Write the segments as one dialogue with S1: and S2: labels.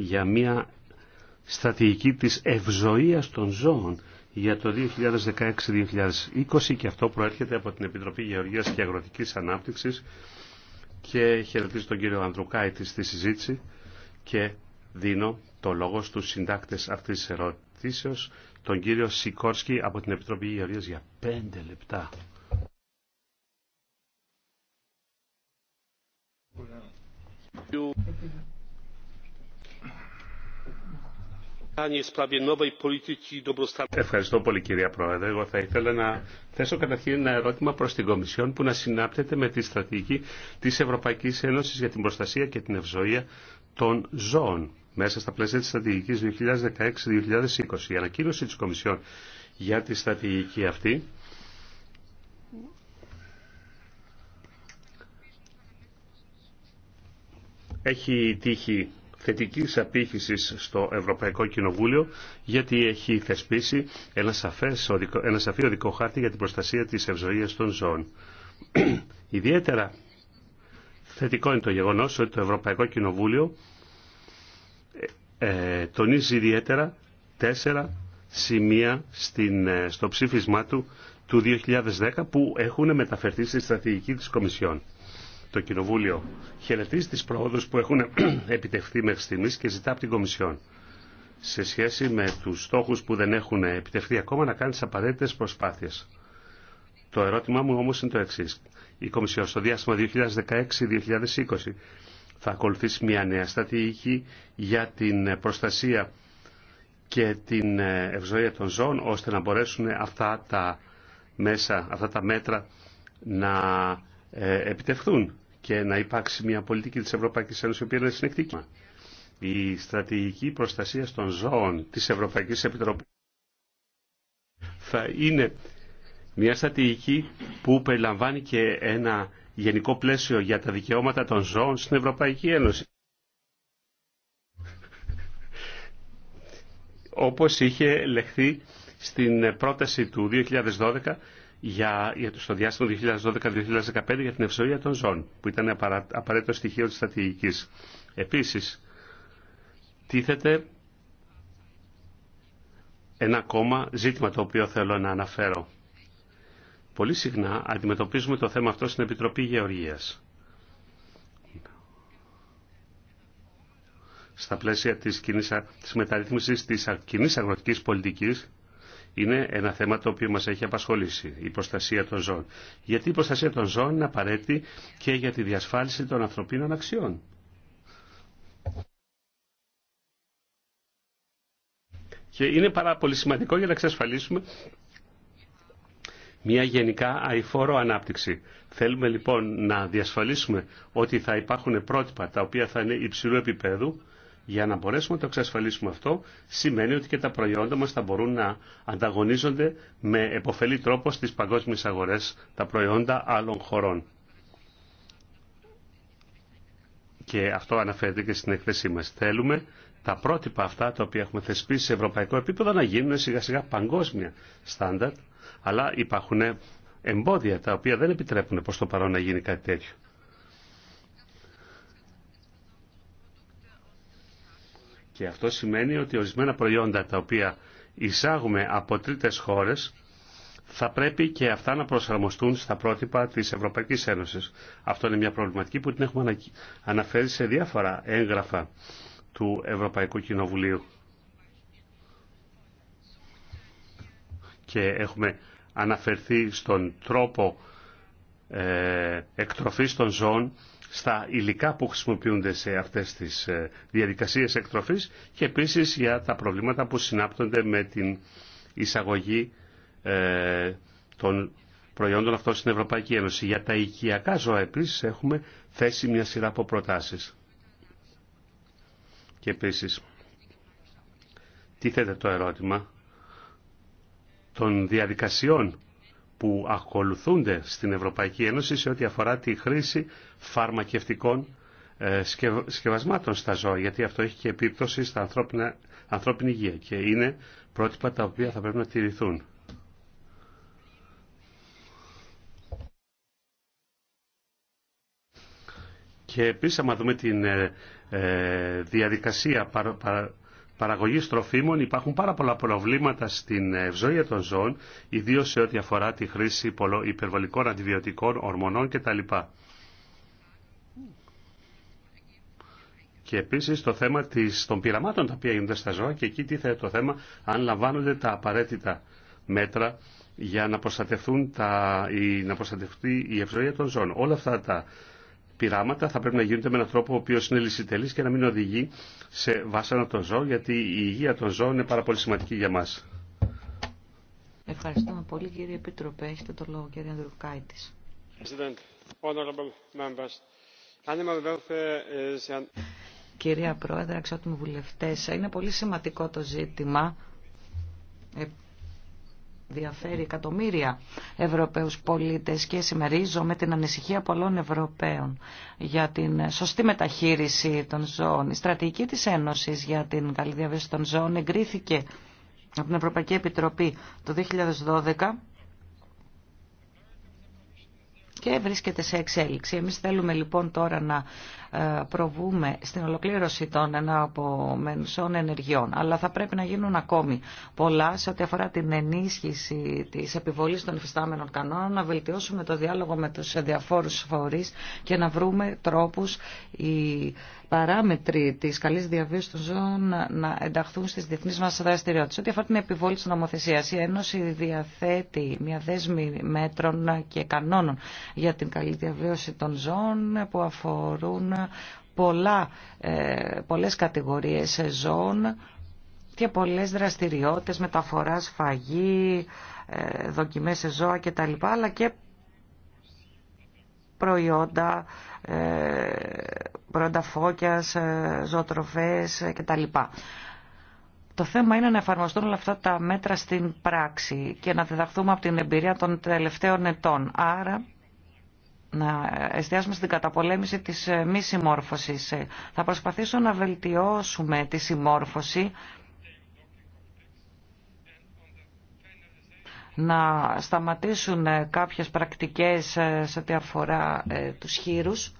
S1: για μια στρατηγική της ευζοίας των ζώων για το 2016-2020 και αυτό προέρχεται από την Επιτροπή Γεωργίας και Αγροτικής Ανάπτυξης και χαιρετίζω τον κύριο Ανδρουκάητη στη συζήτηση και δίνω το λόγο στους συντάκτες αυτής της ερωτήσεως, τον κύριο Σικόρσκι από την Επιτροπή Γεωργίας για πέντε λεπτά. Ευχαριστώ πολύ κυρία Πρόεδρε. Εγώ θα ήθελα να θέσω καταρχήν ένα ερώτημα προς την Κομισιόν που να συνάπτεται με τη στρατηγική της Ευρωπαϊκής Ένωσης για την προστασία και την ευζοία των ζώων μέσα στα πλαίσια της στρατηγικής 2016-2020. Η ανακοίνωση της Κομισιόν για τη στρατηγική αυτή έχει τύχει θετικής απήχησης στο Ευρωπαϊκό Κοινοβούλιο γιατί έχει θεσπίσει ένα, σαφές, ένα σαφή οδικό χάρτη για την προστασία της ευζοίας των ζώων. Ιδιαίτερα θετικό είναι το γεγονός ότι το Ευρωπαϊκό Κοινοβούλιο ε, ε, τονίζει ιδιαίτερα τέσσερα σημεία στην, ε, στο ψήφισμά του του 2010 που έχουν μεταφερθεί στη στρατηγική της Κομισιόν. Το Κοινοβούλιο χαιρετίζει τις πρόοδους που έχουν επιτευχθεί μέχρι στιγμής και ζητά από την Κομισιόν σε σχέση με τους στόχους που δεν έχουν επιτευχθεί ακόμα να κάνει τις απαραίτητες προσπάθειες. Το ερώτημά μου όμως είναι το εξή. Η Κομισιόν στο διάστημα 2016-2020 θα ακολουθήσει μια νέα στρατηγική για την προστασία και την ε, ευζοία των ζώων ώστε να μπορέσουν αυτά τα μέσα, αυτά τα μέτρα να ε, επιτευχθούν και να υπάρξει μια πολιτική της Ευρωπαϊκής Ένωσης η οποία είναι συνεκτική. Η στρατηγική προστασία των ζώων της Ευρωπαϊκής Επιτροπής θα είναι μια στρατηγική που περιλαμβάνει και ένα γενικό πλαίσιο για τα δικαιώματα των ζώων στην Ευρωπαϊκή Ένωση. Όπως είχε λεχθεί στην πρόταση του 2012 για, το, στο διάστημα 2012-2015 για την ευσορία των ζώων, που ήταν απαραίτητο στοιχείο της στρατηγικής. Επίσης, τίθεται ένα ακόμα ζήτημα το οποίο θέλω να αναφέρω. Πολύ συχνά αντιμετωπίζουμε το θέμα αυτό στην Επιτροπή Γεωργίας. Στα πλαίσια της, κοινής, της μεταρρύθμισης της κοινής αγροτικής πολιτικής είναι ένα θέμα το οποίο μας έχει απασχολήσει, η προστασία των ζώων. Γιατί η προστασία των ζώων είναι απαραίτητη και για τη διασφάλιση των ανθρωπίνων αξιών. Και είναι πάρα πολύ σημαντικό για να εξασφαλίσουμε μια γενικά αηφόρο ανάπτυξη. Θέλουμε λοιπόν να διασφαλίσουμε ότι θα υπάρχουν πρότυπα τα οποία θα είναι υψηλού επίπεδου για να μπορέσουμε να το εξασφαλίσουμε αυτό, σημαίνει ότι και τα προϊόντα μας θα μπορούν να ανταγωνίζονται με επωφελή τρόπο στις παγκόσμιες αγορές τα προϊόντα άλλων χωρών. Και αυτό αναφέρεται και στην εκθέσή μας. Θέλουμε τα πρότυπα αυτά τα οποία έχουμε θεσπίσει σε ευρωπαϊκό επίπεδο να γίνουν σιγά σιγά παγκόσμια στάνταρτ, αλλά υπάρχουν εμπόδια τα οποία δεν επιτρέπουν προς το παρόν να γίνει κάτι τέτοιο. Και αυτό σημαίνει ότι ορισμένα προϊόντα τα οποία εισάγουμε από τρίτες χώρες θα πρέπει και αυτά να προσαρμοστούν στα πρότυπα της Ευρωπαϊκής Ένωσης. Αυτό είναι μια προβληματική που την έχουμε αναφέρει σε διάφορα έγγραφα του Ευρωπαϊκού Κοινοβουλίου. Και έχουμε αναφερθεί στον τρόπο ε, εκτροφής των ζώων στα υλικά που χρησιμοποιούνται σε αυτές τις ε, διαδικασίες εκτροφής και επίσης για τα προβλήματα που συνάπτονται με την εισαγωγή ε, των προϊόντων αυτών στην Ευρωπαϊκή Ένωση. Για τα οικιακά ζώα επίσης έχουμε θέσει μια σειρά από προτάσεις. Και επίσης, θέτε το ερώτημα των διαδικασιών που ακολουθούνται στην Ευρωπαϊκή Ένωση σε ό,τι αφορά τη χρήση φαρμακευτικών ε, σκευασμάτων στα ζώα, γιατί αυτό έχει και επίπτωση στα ανθρώπινα, ανθρώπινη υγεία και είναι πρότυπα τα οποία θα πρέπει να τηρηθούν. Και επίσης, άμα δούμε την ε, ε, διαδικασία παρα, παραγωγής τροφίμων υπάρχουν πάρα πολλά προβλήματα στην ευζοία των ζώων, ιδίως σε ό,τι αφορά τη χρήση υπερβολικών αντιβιωτικών, ορμονών κτλ. Και επίση το θέμα της, των πειραμάτων τα οποία γίνονται στα ζώα και εκεί τίθεται το θέμα αν λαμβάνονται τα απαραίτητα μέτρα για να, προστατευτούν τα, ή, να προστατευτεί η ευζοία των ζώων. Όλα αυτά τα πειράματα θα πρέπει να γίνονται με έναν τρόπο ο οποίος είναι λυσιτελής και να μην οδηγεί σε βάσανο των ζώων, γιατί η υγεία των ζώων είναι πάρα πολύ σημαντική για μας.
S2: Ευχαριστούμε πολύ κύριε Επίτροπε. Έχετε το λόγο κύριε Ανδρουκάητη. Κυρία Πρόεδρε, αξιότιμοι βουλευτές, είναι πολύ σημαντικό το ζήτημα ε, διαφέρει εκατομμύρια Ευρωπαίους πολίτες και συμμερίζω με την ανησυχία πολλών Ευρωπαίων για την σωστή μεταχείριση των ζώων. Η στρατηγική της Ένωσης για την καλή διαβίωση των ζώων εγκρίθηκε από την Ευρωπαϊκή Επιτροπή το 2012 και βρίσκεται σε εξέλιξη. Εμείς θέλουμε λοιπόν τώρα να ε, προβούμε στην ολοκλήρωση των αναπομενουσών ενεργειών. Αλλά θα πρέπει να γίνουν ακόμη πολλά σε ό,τι αφορά την ενίσχυση τη επιβολή των υφιστάμενων κανόνων, να βελτιώσουμε το διάλογο με του διαφόρου φορεί και να βρούμε τρόπου οι παράμετροι τη καλή διαβίωση των ζώων να ενταχθούν στι διεθνεί μα δραστηριότητε. Ό,τι αφορά την επιβολή τη νομοθεσία, η Ένωση διαθέτει μια δέσμη μέτρων και κανόνων για την καλή διαβίωση των ζώων που αφορούν πολλά, ε, πολλές κατηγορίες ζώων και πολλές δραστηριότητες, μεταφοράς φαγή, ε, δοκιμές σε ζώα κτλ. Αλλά και προϊόντα, ε, προϊόντα φώκιας, ζωοτροφές κτλ. Το θέμα είναι να εφαρμοστούν όλα αυτά τα μέτρα στην πράξη και να διδαχθούμε από την εμπειρία των τελευταίων ετών. Άρα να εστιάσουμε στην καταπολέμηση της ε, μη συμμόρφωσης. Ε, θα προσπαθήσω να βελτιώσουμε τη συμμόρφωση, να σταματήσουν ε, κάποιες πρακτικές σε ό,τι αφορά τους χείρους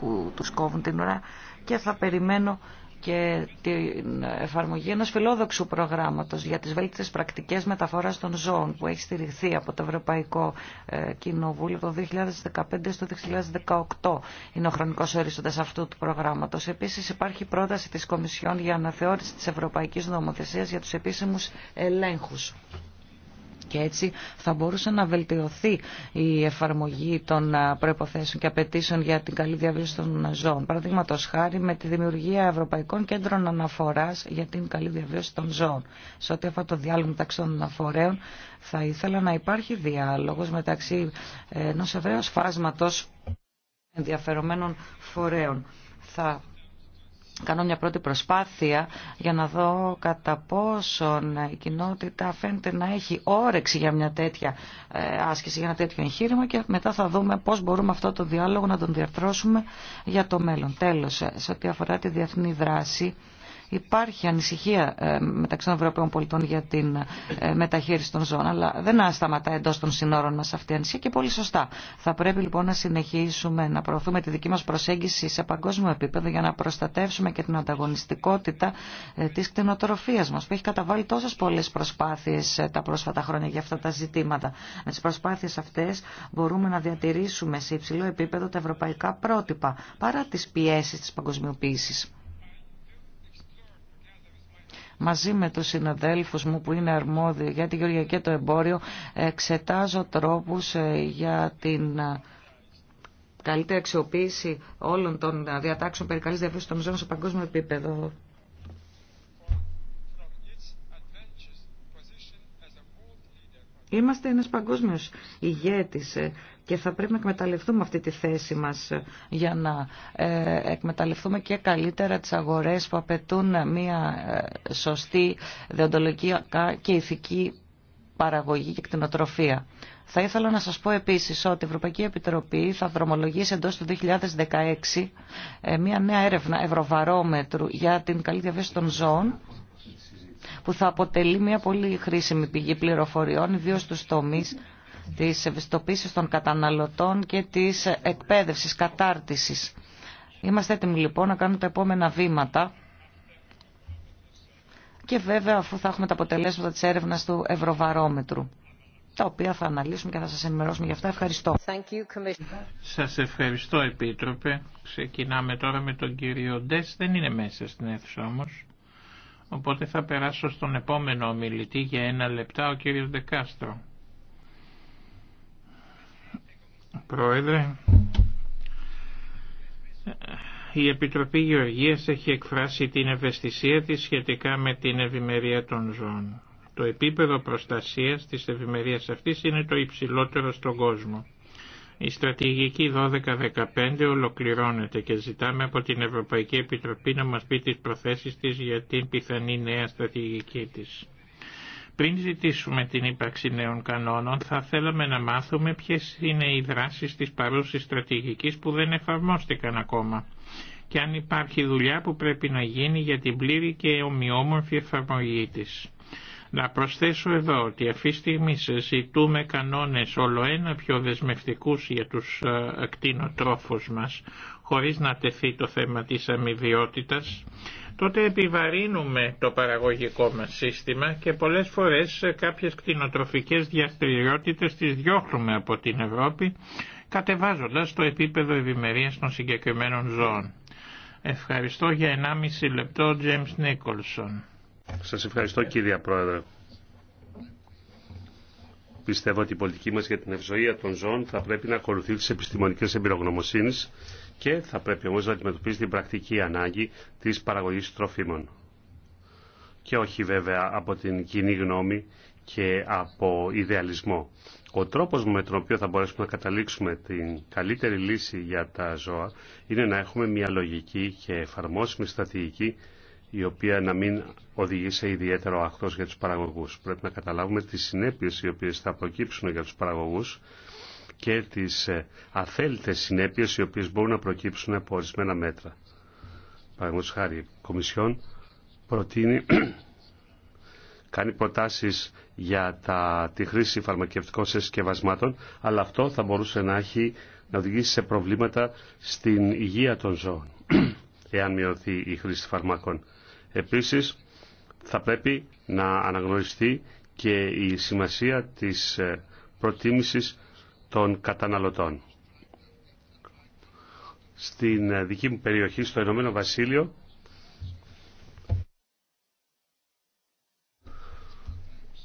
S2: που τους κόβουν την ώρα και θα περιμένω και την εφαρμογή ενός φιλόδοξου προγράμματος για τις βέλτιστες πρακτικές μεταφοράς των ζώων που έχει στηριχθεί από το Ευρωπαϊκό ε, Κοινοβούλιο το 2015 στο 2018 είναι ο χρονικός ορίζοντας αυτού του προγράμματος. Επίσης υπάρχει πρόταση της Κομισιόν για αναθεώρηση της Ευρωπαϊκής Νομοθεσίας για τους επίσημους ελέγχους και έτσι θα μπορούσε να βελτιωθεί η εφαρμογή των προποθέσεων και απαιτήσεων για την καλή διαβίωση των ζώων. Παραδείγματο χάρη με τη δημιουργία Ευρωπαϊκών Κέντρων Αναφορά για την καλή διαβίωση των ζώων. Σε ό,τι αφορά το διάλογο μεταξύ των αναφορέων, θα ήθελα να υπάρχει διάλογο μεταξύ ε, ενό ευρέω φάσματο ενδιαφερομένων φορέων. Θα κάνω μια πρώτη προσπάθεια για να δω κατά πόσον η κοινότητα φαίνεται να έχει όρεξη για μια τέτοια ε, άσκηση, για ένα τέτοιο εγχείρημα και μετά θα δούμε πώς μπορούμε αυτό το διάλογο να τον διαρθρώσουμε για το μέλλον. Τέλος, σε ό,τι αφορά τη διεθνή δράση, Υπάρχει ανησυχία ε, μεταξύ των Ευρωπαίων πολιτών για την ε, μεταχείριση των ζώων, αλλά δεν σταματά εντό των συνόρων μα αυτή η ανησυχία και πολύ σωστά. Θα πρέπει λοιπόν να συνεχίσουμε να προωθούμε τη δική μα προσέγγιση σε παγκόσμιο επίπεδο για να προστατεύσουμε και την ανταγωνιστικότητα ε, τη κτηνοτροφία μα, που έχει καταβάλει τόσε πολλέ προσπάθειε τα πρόσφατα χρόνια για αυτά τα ζητήματα. Με τι προσπάθειε αυτέ μπορούμε να διατηρήσουμε σε υψηλό επίπεδο τα ευρωπαϊκά πρότυπα παρά τι πιέσει τη παγκοσμιοποίηση μαζί με τους συναδέλφους μου που είναι αρμόδιοι για τη γεωργία και το εμπόριο εξετάζω τρόπους ε, για την ε, καλύτερη αξιοποίηση όλων των διατάξεων περί καλής διαφύσης των ζώων σε παγκόσμιο επίπεδο. Είμαστε ένας παγκόσμιος ηγέτης ε, και θα πρέπει να εκμεταλλευτούμε αυτή τη θέση μας για να ε, εκμεταλλευτούμε και καλύτερα τις αγορές που απαιτούν μια ε, σωστή δεοντολογία και ηθική παραγωγή και κτηνοτροφία. Θα ήθελα να σας πω επίσης ότι η Ευρωπαϊκή Επιτροπή θα δρομολογήσει εντός του 2016 ε, μια νέα έρευνα ευρωβαρόμετρου για την καλή διαβίωση των ζώων που θα αποτελεί μια πολύ χρήσιμη πηγή πληροφοριών, ιδίω στους τομείς της ευαισθητοποίησης των καταναλωτών και της εκπαίδευσης, κατάρτισης. Είμαστε έτοιμοι λοιπόν να κάνουμε τα επόμενα βήματα και βέβαια αφού θα έχουμε τα αποτελέσματα της έρευνας του Ευρωβαρόμετρου τα οποία θα αναλύσουμε και θα σας ενημερώσουμε γι' αυτά. Ευχαριστώ.
S3: σας ευχαριστώ Επίτροπε. Ξεκινάμε τώρα με τον κύριο Ντες. Δεν είναι μέσα στην αίθουσα όμως. Οπότε θα περάσω στον επόμενο ομιλητή για ένα λεπτά, ο κύριος Δεκάστρο. Πρόεδρε, η Επιτροπή Γεωργίας έχει εκφράσει την ευαισθησία της σχετικά με την ευημερία των ζώων. Το επίπεδο προστασίας της ευημερίας αυτής είναι το υψηλότερο στον κόσμο. Η στρατηγική 12-15 ολοκληρώνεται και ζητάμε από την Ευρωπαϊκή Επιτροπή να μας πει τις προθέσεις της για την πιθανή νέα στρατηγική της. Πριν ζητήσουμε την ύπαρξη νέων κανόνων θα θέλαμε να μάθουμε ποιες είναι οι δράσεις της παρούσης στρατηγικής που δεν εφαρμόστηκαν ακόμα και αν υπάρχει δουλειά που πρέπει να γίνει για την πλήρη και ομοιόμορφη εφαρμογή της. Να προσθέσω εδώ ότι αυτή τη στιγμή ζητούμε κανόνες όλο ένα πιο δεσμευτικούς για τους ε, κτηνοτρόφους μας, χωρίς να τεθεί το θέμα της αμοιβιότητας, τότε επιβαρύνουμε το παραγωγικό μας σύστημα και πολλές φορές κάποιες κτηνοτροφικές διαστηριότητες τις διώχνουμε από την Ευρώπη κατεβάζοντας το επίπεδο ευημερίας των συγκεκριμένων ζώων. Ευχαριστώ για 1,5 λεπτό James Nicholson. Σας ευχαριστώ
S1: κύριε Πρόεδρε. Πιστεύω ότι η πολιτική μας για την ευζοία των ζώων θα πρέπει να ακολουθεί τις επιστημονικές εμπειρογνωμοσύνες και θα πρέπει όμως να αντιμετωπίσει την πρακτική ανάγκη της παραγωγής τροφίμων. Και όχι βέβαια από την κοινή γνώμη και από ιδεαλισμό. Ο τρόπος με τον οποίο θα μπορέσουμε να καταλήξουμε την καλύτερη λύση για τα ζώα είναι να έχουμε μια λογική και εφαρμόσιμη στρατηγική η οποία να μην οδηγεί σε ιδιαίτερο αχθός για τους παραγωγούς. Πρέπει να καταλάβουμε τις συνέπειες οι οποίες θα προκύψουν για τους παραγωγούς και τις ε, αθέλτες συνέπειες οι οποίες μπορούν να προκύψουν από ορισμένα μέτρα. Παραδείγματο χάρη, η Κομισιόν προτείνει, κάνει προτάσεις για τα, τη χρήση φαρμακευτικών συσκευασμάτων, αλλά αυτό θα μπορούσε να, έχει, να οδηγήσει σε προβλήματα στην υγεία των ζώων, εάν μειωθεί η χρήση φαρμακών. Επίσης, θα πρέπει να αναγνωριστεί και η σημασία της ε, προτίμησης των καταναλωτών. Στην ε, δική μου περιοχή, στο Ηνωμένο Βασίλειο,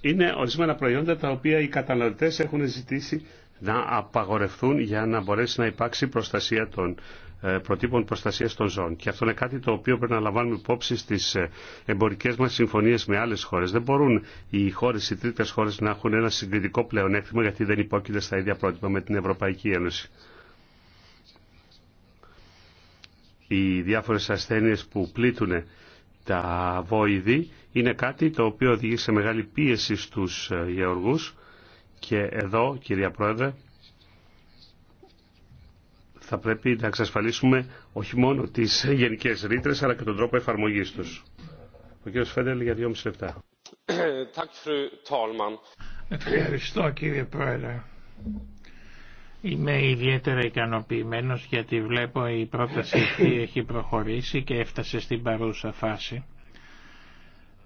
S1: είναι ορισμένα προϊόντα τα οποία οι καταναλωτές έχουν ζητήσει να απαγορευτούν για να μπορέσει να υπάρξει προστασία των ε, προτύπων προστασία των ζώων. Και αυτό είναι κάτι το οποίο πρέπει να λαμβάνουμε υπόψη στις ε, εμπορικές μας συμφωνίες με άλλε χώρε. Δεν μπορούν οι χώρες, οι τρίτες χώρες να έχουν ένα συγκριτικό πλεονέκτημα γιατί δεν υπόκειται στα ίδια πρότυπα με την Ευρωπαϊκή Ένωση. Οι διάφορε ασθένειε που πλήττουν τα βόηδη είναι κάτι το οποίο οδηγεί σε μεγάλη πίεση στους ε, γεωργούς και εδώ κυρία Πρόεδρε θα πρέπει να εξασφαλίσουμε όχι μόνο τι γενικέ ρήτρε, αλλά και τον τρόπο εφαρμογή του. Ο κ. Φέντελ για μισή λεπτά. Ευχαριστώ
S3: κύριε Πρόεδρε. Είμαι ιδιαίτερα ικανοποιημένος γιατί βλέπω η πρόταση αυτή έχει προχωρήσει και έφτασε στην παρούσα φάση.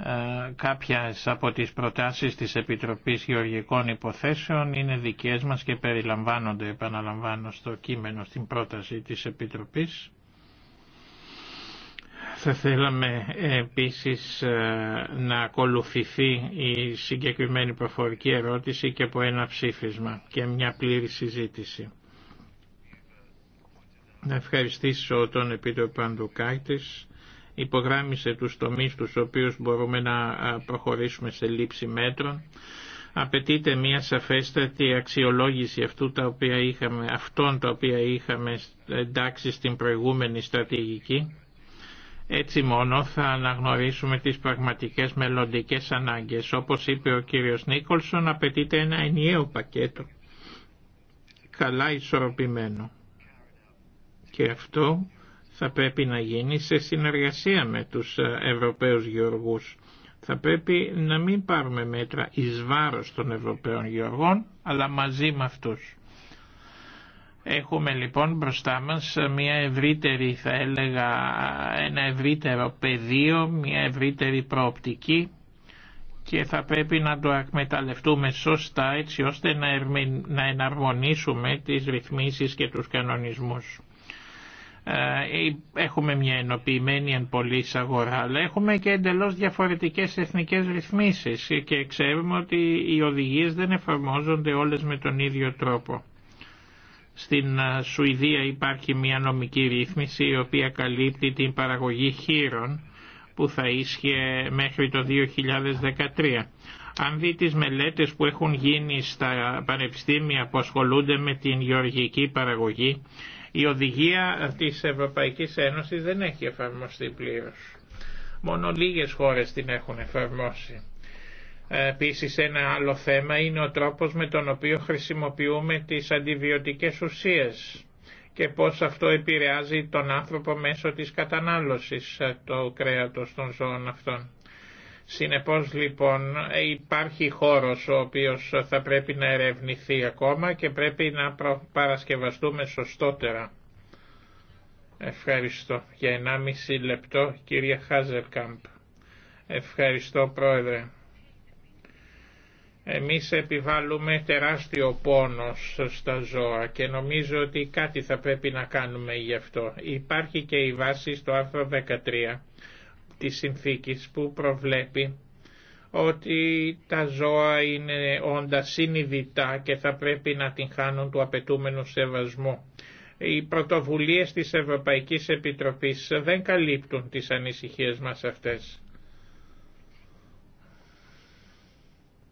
S3: Ε, κάποιες από τις προτάσεις της Επιτροπής Γεωργικών Υποθέσεων είναι δικές μας και περιλαμβάνονται, επαναλαμβάνω, στο κείμενο, στην πρόταση της Επιτροπής. Θα θέλαμε ε, επίσης ε, να ακολουθηθεί η συγκεκριμένη προφορική ερώτηση και από ένα ψήφισμα και μια πλήρη συζήτηση. Να ευχαριστήσω τον Επίτροπο Ανδρουκάητης υπογράμμισε τους τομείς τους οποίους μπορούμε να προχωρήσουμε σε λήψη μέτρων. Απαιτείται μια σαφέστατη αξιολόγηση αυτού τα οποία είχαμε, αυτών τα οποία είχαμε εντάξει στην προηγούμενη στρατηγική. Έτσι μόνο θα αναγνωρίσουμε τις πραγματικές μελλοντικές ανάγκες. Όπως είπε ο κύριος Νίκολσον, απαιτείται ένα ενιαίο πακέτο, καλά ισορροπημένο. Και αυτό θα πρέπει να γίνει σε συνεργασία με τους ε, Ευρωπαίους Γεωργούς. Θα πρέπει να μην πάρουμε μέτρα εις βάρος των Ευρωπαίων Γεωργών, αλλά μαζί με αυτούς. Έχουμε λοιπόν μπροστά μας μια ευρύτερη, θα έλεγα, ένα ευρύτερο πεδίο, μια ευρύτερη προοπτική και θα πρέπει να το εκμεταλλευτούμε σωστά έτσι ώστε να εναρμονίσουμε τις ρυθμίσεις και τους κανονισμούς. Ε, ε, έχουμε μια ενοποιημένη εν πωλής αγορά, αλλά έχουμε και εντελώς διαφορετικές εθνικές ρυθμίσεις και ξέρουμε ότι οι οδηγίες δεν εφαρμόζονται όλες με τον ίδιο τρόπο. Στην ε, Σουηδία υπάρχει μια νομική ρύθμιση η οποία καλύπτει την παραγωγή χείρων που θα ίσχυε μέχρι το 2013. Αν δει τις μελέτες που έχουν γίνει στα πανεπιστήμια που ασχολούνται με την γεωργική παραγωγή, η οδηγία της Ευρωπαϊκής Ένωσης δεν έχει εφαρμοστεί πλήρως. Μόνο λίγες χώρες την έχουν εφαρμόσει. Επίσης ένα άλλο θέμα είναι ο τρόπος με τον οποίο χρησιμοποιούμε τις αντιβιωτικές ουσίες και πώς αυτό επηρεάζει τον άνθρωπο μέσω της κατανάλωσης ε, του κρέατος των ζώων αυτών. Συνεπώς λοιπόν υπάρχει χώρος ο οποίος θα πρέπει να ερευνηθεί ακόμα και πρέπει να παρασκευαστούμε σωστότερα. Ευχαριστώ. Για 1,5 λεπτό κυρία Χάζερκαμπ. Ευχαριστώ πρόεδρε. Εμείς επιβάλλουμε τεράστιο πόνο στα ζώα και νομίζω ότι κάτι θα πρέπει να κάνουμε γι' αυτό. Υπάρχει και η βάση στο άρθρο 13 της συνθήκης που προβλέπει ότι τα ζώα είναι όντα συνειδητά και θα πρέπει να την χάνουν του απαιτούμενου σεβασμού. Οι πρωτοβουλίες της Ευρωπαϊκής Επιτροπής δεν καλύπτουν τις ανησυχίες μας αυτές.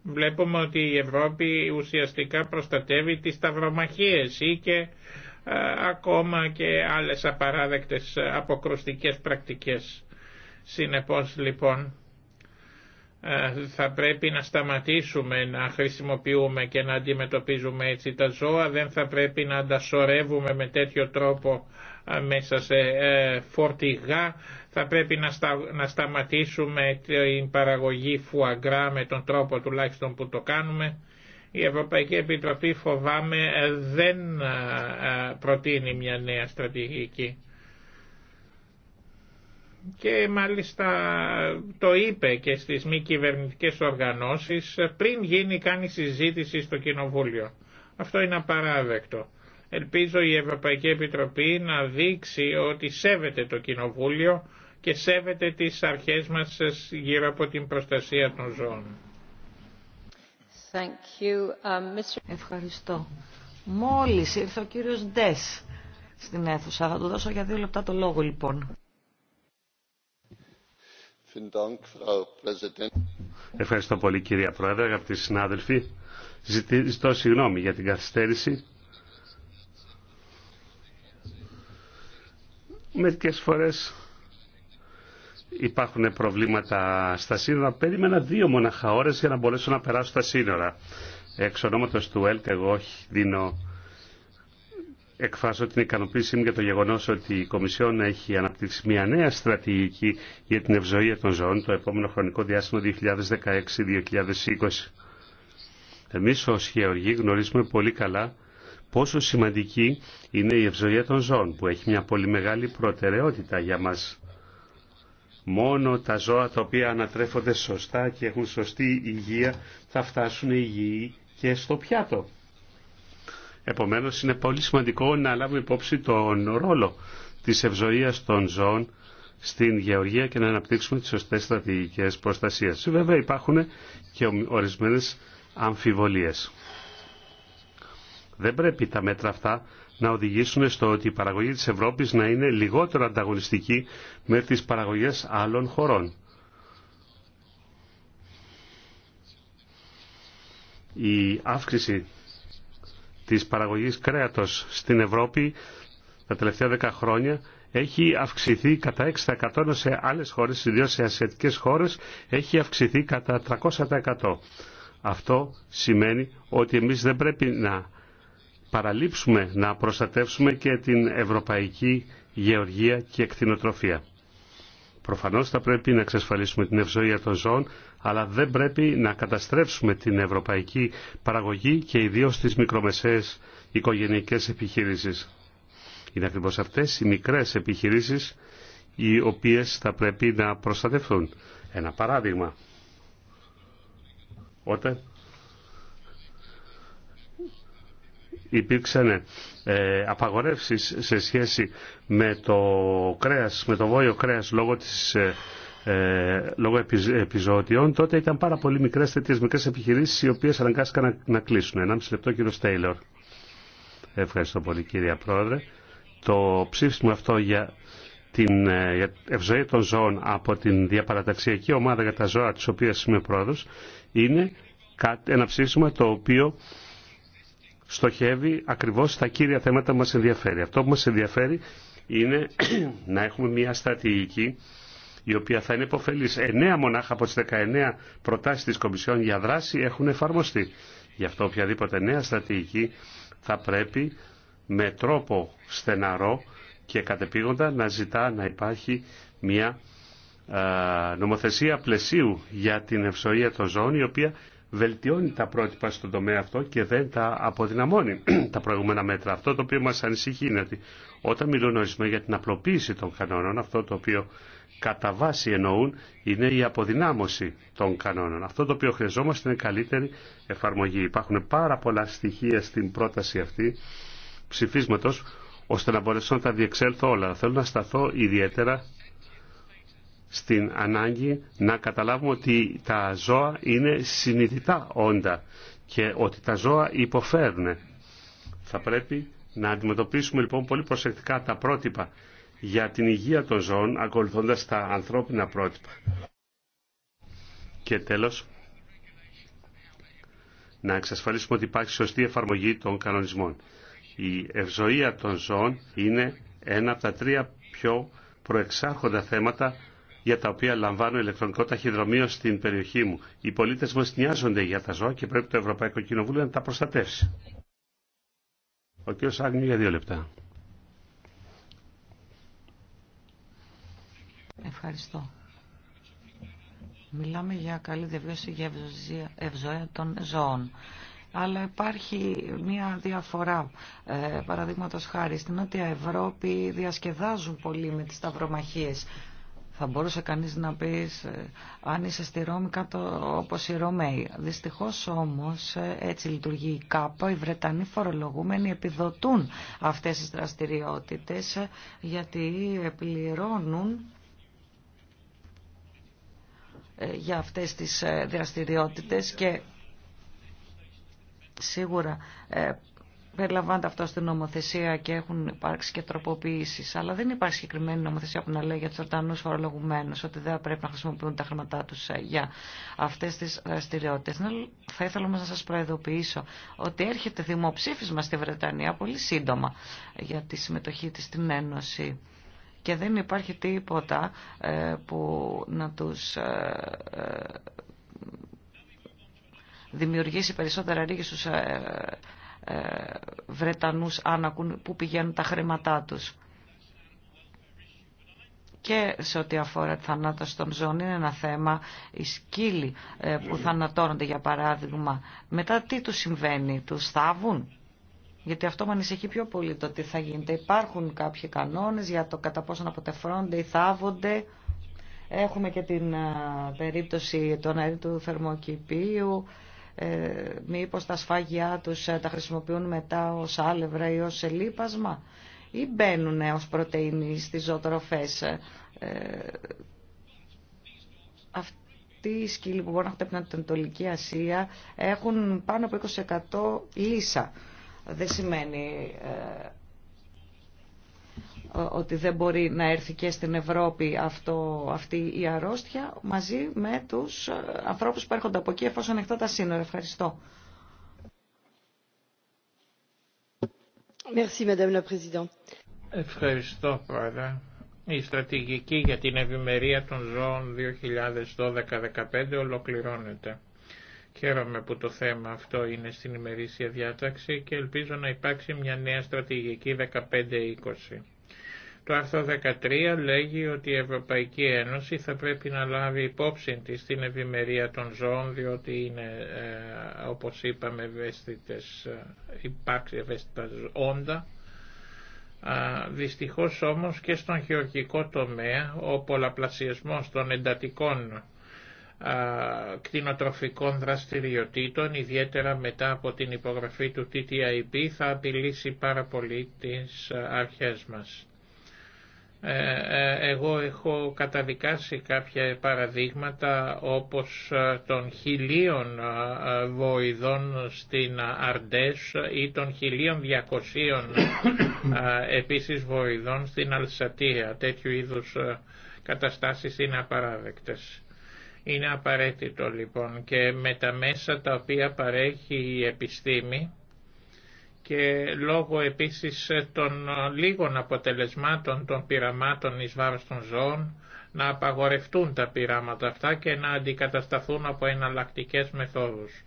S3: Βλέπουμε ότι η Ευρώπη ουσιαστικά προστατεύει τις ταυρομαχίες ή και ε, ακόμα και άλλες απαράδεκτες αποκρουστικές πρακτικές. Συνεπώς λοιπόν ε, θα πρέπει να σταματήσουμε να χρησιμοποιούμε και να αντιμετωπίζουμε έτσι τα ζώα, δεν θα πρέπει να τα με τέτοιο τρόπο ε, μέσα σε ε, φορτηγά, θα πρέπει να, στα, να σταματήσουμε την παραγωγή φουαγκρά με τον τρόπο τουλάχιστον που το κάνουμε. Η Ευρωπαϊκή Επιτροπή φοβάμαι δεν προτείνει μια νέα στρατηγική και μάλιστα το είπε και στις μη κυβερνητικέ οργανώσεις πριν γίνει κάνει συζήτηση στο Κοινοβούλιο. Αυτό είναι απαράδεκτο. Ελπίζω η Ευρωπαϊκή Επιτροπή να δείξει ότι σέβεται το Κοινοβούλιο και σέβεται τις αρχές μας γύρω από την προστασία των
S2: ζώων. Um, Ευχαριστώ. Μόλις ήρθε ο κύριος Ντες στην αίθουσα. Θα του δώσω για δύο λεπτά το λόγο λοιπόν.
S1: Ευχαριστώ πολύ κυρία Πρόεδρε, αγαπητοί συνάδελφοι. Ζητώ συγγνώμη για την καθυστέρηση. Μερικές φορές υπάρχουν προβλήματα στα σύνορα. Περίμενα δύο μοναχά ώρες για να μπορέσω να περάσω στα σύνορα. Εξ ονόματος του ΕΛΚ εγώ δίνω εκφράσω την ικανοποίησή μου για το γεγονό ότι η Κομισιόν έχει αναπτύξει μια νέα στρατηγική για την ευζοία των ζώων το επόμενο χρονικό διάστημα 2016-2020. Εμεί ω Γεωργοί γνωρίζουμε πολύ καλά πόσο σημαντική είναι η ευζοία των ζώων που έχει μια πολύ μεγάλη προτεραιότητα για μα. Μόνο τα ζώα τα οποία ανατρέφονται σωστά και έχουν σωστή υγεία θα φτάσουν υγιεί και στο πιάτο. Επομένως είναι πολύ σημαντικό να λάβουμε υπόψη τον ρόλο της ευζοίας των ζώων στην γεωργία και να αναπτύξουμε τις σωστές στρατηγικές προστασίες. Βέβαια υπάρχουν και ορισμένες αμφιβολίες. Δεν πρέπει τα μέτρα αυτά να οδηγήσουν στο ότι η παραγωγή της Ευρώπης να είναι λιγότερο ανταγωνιστική με τις παραγωγές άλλων χωρών. Η αύξηση της παραγωγής κρέατος στην Ευρώπη τα τελευταία 10 χρόνια έχει αυξηθεί κατά 6% σε άλλες χώρες, ιδίω σε ασιατικές χώρες, έχει αυξηθεί κατά 300%. Αυτό σημαίνει ότι εμείς δεν πρέπει να παραλείψουμε να προστατεύσουμε και την ευρωπαϊκή γεωργία και εκτινοτροφία. Προφανώς θα πρέπει να εξασφαλίσουμε την ευζοία των ζώων, αλλά δεν πρέπει να καταστρέψουμε την ευρωπαϊκή παραγωγή και ιδίως τις μικρομεσαίες οικογενειακές επιχειρήσεις. Είναι ακριβώς αυτές οι μικρές επιχειρήσεις οι οποίες θα πρέπει να προστατευτούν. Ένα παράδειγμα. Όταν υπήρξαν ε, απαγορεύσεις σε σχέση με το κρέας, με το βόλιο κρέας λόγω της ε, ε, λόγω επιζώτιων, τότε ήταν πάρα πολύ μικρέ τέτοιε μικρέ επιχειρήσει οι οποίε αναγκάστηκαν να, να κλείσουν. Ένα λεπτό, κύριο Στέιλορ. Ευχαριστώ πολύ, κύριε Πρόεδρε. Το ψήφισμα αυτό για την ε, ευζοία των ζώων από την διαπαραταξιακή ομάδα για τα ζώα, τη οποία είμαι πρόεδρο, είναι ένα ψήφισμα το οποίο στοχεύει ακριβώ στα κύρια θέματα που μα ενδιαφέρει. Αυτό που μα ενδιαφέρει είναι να έχουμε μια στρατηγική η οποία θα είναι υποφελής. εννέα μονάχα από τις 19 προτάσεις της Κομισιόν για δράση έχουν εφαρμοστεί. Γι' αυτό οποιαδήποτε νέα στρατηγική θα πρέπει με τρόπο στεναρό και κατεπήγοντα να ζητά να υπάρχει μια ε, νομοθεσία πλαισίου για την ευσοία των ζώων η οποία βελτιώνει τα πρότυπα στον τομέα αυτό και δεν τα αποδυναμώνει τα προηγούμενα μέτρα. Αυτό το οποίο μας ανησυχεί είναι ότι όταν μιλούν ορισμένοι για την απλοποίηση των κανόνων, αυτό το οποίο κατά βάση εννοούν είναι η αποδυνάμωση των κανόνων. Αυτό το οποίο χρειαζόμαστε είναι καλύτερη εφαρμογή. Υπάρχουν πάρα πολλά στοιχεία στην πρόταση αυτή ψηφίσματος ώστε να μπορέσω να τα διεξέλθω όλα. Θέλω να σταθώ ιδιαίτερα στην ανάγκη να καταλάβουμε ότι τα ζώα είναι συνειδητά όντα και ότι τα ζώα υποφέρουν. Θα πρέπει να αντιμετωπίσουμε λοιπόν πολύ προσεκτικά τα πρότυπα για την υγεία των ζώων ακολουθώντας τα ανθρώπινα πρότυπα. Και τέλος, να εξασφαλίσουμε ότι υπάρχει σωστή εφαρμογή των κανονισμών. Η ευζοία των ζώων είναι ένα από τα τρία πιο προεξάρχοντα θέματα για τα οποία λαμβάνω ηλεκτρονικό ταχυδρομείο στην περιοχή μου. Οι πολίτε μα νοιάζονται για τα ζώα και πρέπει το Ευρωπαϊκό Κοινοβούλιο να τα προστατεύσει. Ο κ. Άγνιου για δύο λεπτά.
S2: Ευχαριστώ. Μιλάμε για καλή διαβίωση για ευζοία των ζώων. Αλλά υπάρχει μια διαφορά. Ε, Παραδείγματο χάρη, στην Νότια Ευρώπη διασκεδάζουν πολύ με τις σταυρομαχίες. Θα μπορούσε κανείς να πει ε, αν είσαι στη Ρώμη κάτω όπως οι Ρωμαίοι. Δυστυχώς όμως ε, έτσι λειτουργεί η ΚΑΠΑ. Οι Βρετανοί φορολογούμενοι επιδοτούν αυτές τις δραστηριότητες ε, γιατί επιληρώνουν για αυτές τις δραστηριότητες και σίγουρα περιλαμβάνεται αυτό στην νομοθεσία και έχουν υπάρξει και τροποποιήσει. Αλλά δεν υπάρχει συγκεκριμένη νομοθεσία που να λέει για του Ορτανού φορολογουμένου ότι δεν πρέπει να χρησιμοποιούν τα χρήματά του ε, για αυτέ τι δραστηριότητε. Θα ήθελα όμω να σα προειδοποιήσω ότι έρχεται δημοψήφισμα στη Βρετανία πολύ σύντομα για τη συμμετοχή τη στην Ένωση και δεν υπάρχει τίποτα ε, που να τους ε, δημιουργήσει περισσότερα ρίγη στους ε, Βρετανούς άνακουν που πηγαίνουν τα χρήματά τους. Και σε ό,τι αφορά τη θανάτωση των ζώων είναι ένα θέμα. Οι σκύλοι ε, που θανατώνονται για παράδειγμα, μετά τι τους συμβαίνει, τους θάβουν. Γιατί αυτό με ανησυχεί πιο πολύ το τι θα γίνεται. Υπάρχουν κάποιοι κανόνες για το κατά να αποτεφρώνονται ή θάβονται. Έχουμε και την ε, περίπτωση των αερίτου του θερμοκηπίου. Ε, μήπως τα σφάγιά τους ε, τα χρησιμοποιούν μετά ως άλευρα ή ως ελίπασμα ή μπαίνουν ως πρωτεΐνη στις ζωοτροφές. Ε, αυτοί οι σκύλοι που μπορούν να από την Ανατολική Ασία έχουν πάνω από 20% λύσα. Δεν σημαίνει ε, ότι δεν μπορεί να έρθει και στην Ευρώπη αυτή η αρρώστια μαζί με τους ε, ανθρώπους που έρχονται από εκεί εφόσον ανοιχτά τα σύνορα. Ευχαριστώ. Merci,
S3: Ευχαριστώ Πρόεδρε. Η στρατηγική για την ευημερία των ζώων 2012-2015 ολοκληρώνεται. Χαίρομαι που το θέμα αυτό είναι στην ημερήσια διάταξη και ελπίζω να υπάρξει μια νέα στρατηγική 15-20. Το άρθρο 13 λέγει ότι η Ευρωπαϊκή Ένωση θα πρέπει να λάβει υπόψη της την ευημερία των ζώων διότι είναι ε, όπως είπαμε ευαίσθητες, ε, υπάρχει ευαίσθητα όντα. Δυστυχώς όμως και στον χειρουργικό τομέα ο πολλαπλασιασμός των εντατικών κτηνοτροφικών δραστηριοτήτων, ιδιαίτερα μετά από την υπογραφή του TTIP, θα απειλήσει πάρα πολύ τις ε, αρχές μας. Ε, ε, εγώ έχω καταδικάσει κάποια παραδείγματα όπως ε, των χιλίων βοηδών στην Αρντές ή των χιλίων διακοσίων επίσης βοηδών στην Αλσατία. Τέτοιου είδους καταστάσεις είναι απαράδεκτες. Είναι απαραίτητο λοιπόν και με τα μέσα τα οποία παρέχει η επιστήμη και λόγω επίσης των λίγων αποτελεσμάτων των πειραμάτων εις βάρος των ζώων να απαγορευτούν τα πειράματα αυτά και να αντικατασταθούν από εναλλακτικέ μεθόδους.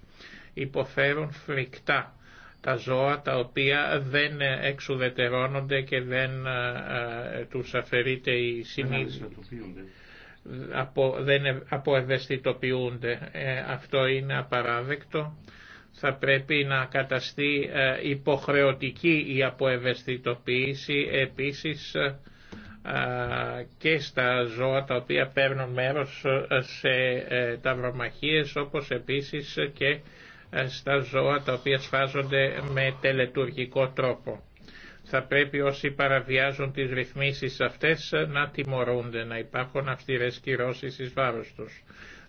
S3: Υποφέρουν φρικτά τα ζώα τα οποία δεν εξουδετερώνονται και δεν ε, ε τους αφαιρείται η συνείδηση από, δεν, αποευαισθητοποιούνται. Ε, αυτό είναι απαράδεκτο θα πρέπει να καταστεί ε, υποχρεωτική η αποευαισθητοποίηση επίσης ε, ε, και στα ζώα τα οποία παίρνουν μέρος σε ταυρομαχίες όπως επίσης και στα ζώα τα οποία σφάζονται με τελετουργικό τρόπο. Θα πρέπει όσοι παραβιάζουν τις ρυθμίσεις αυτές να τιμωρούνται, να υπάρχουν αυστηρές κυρώσεις εις βάρος τους.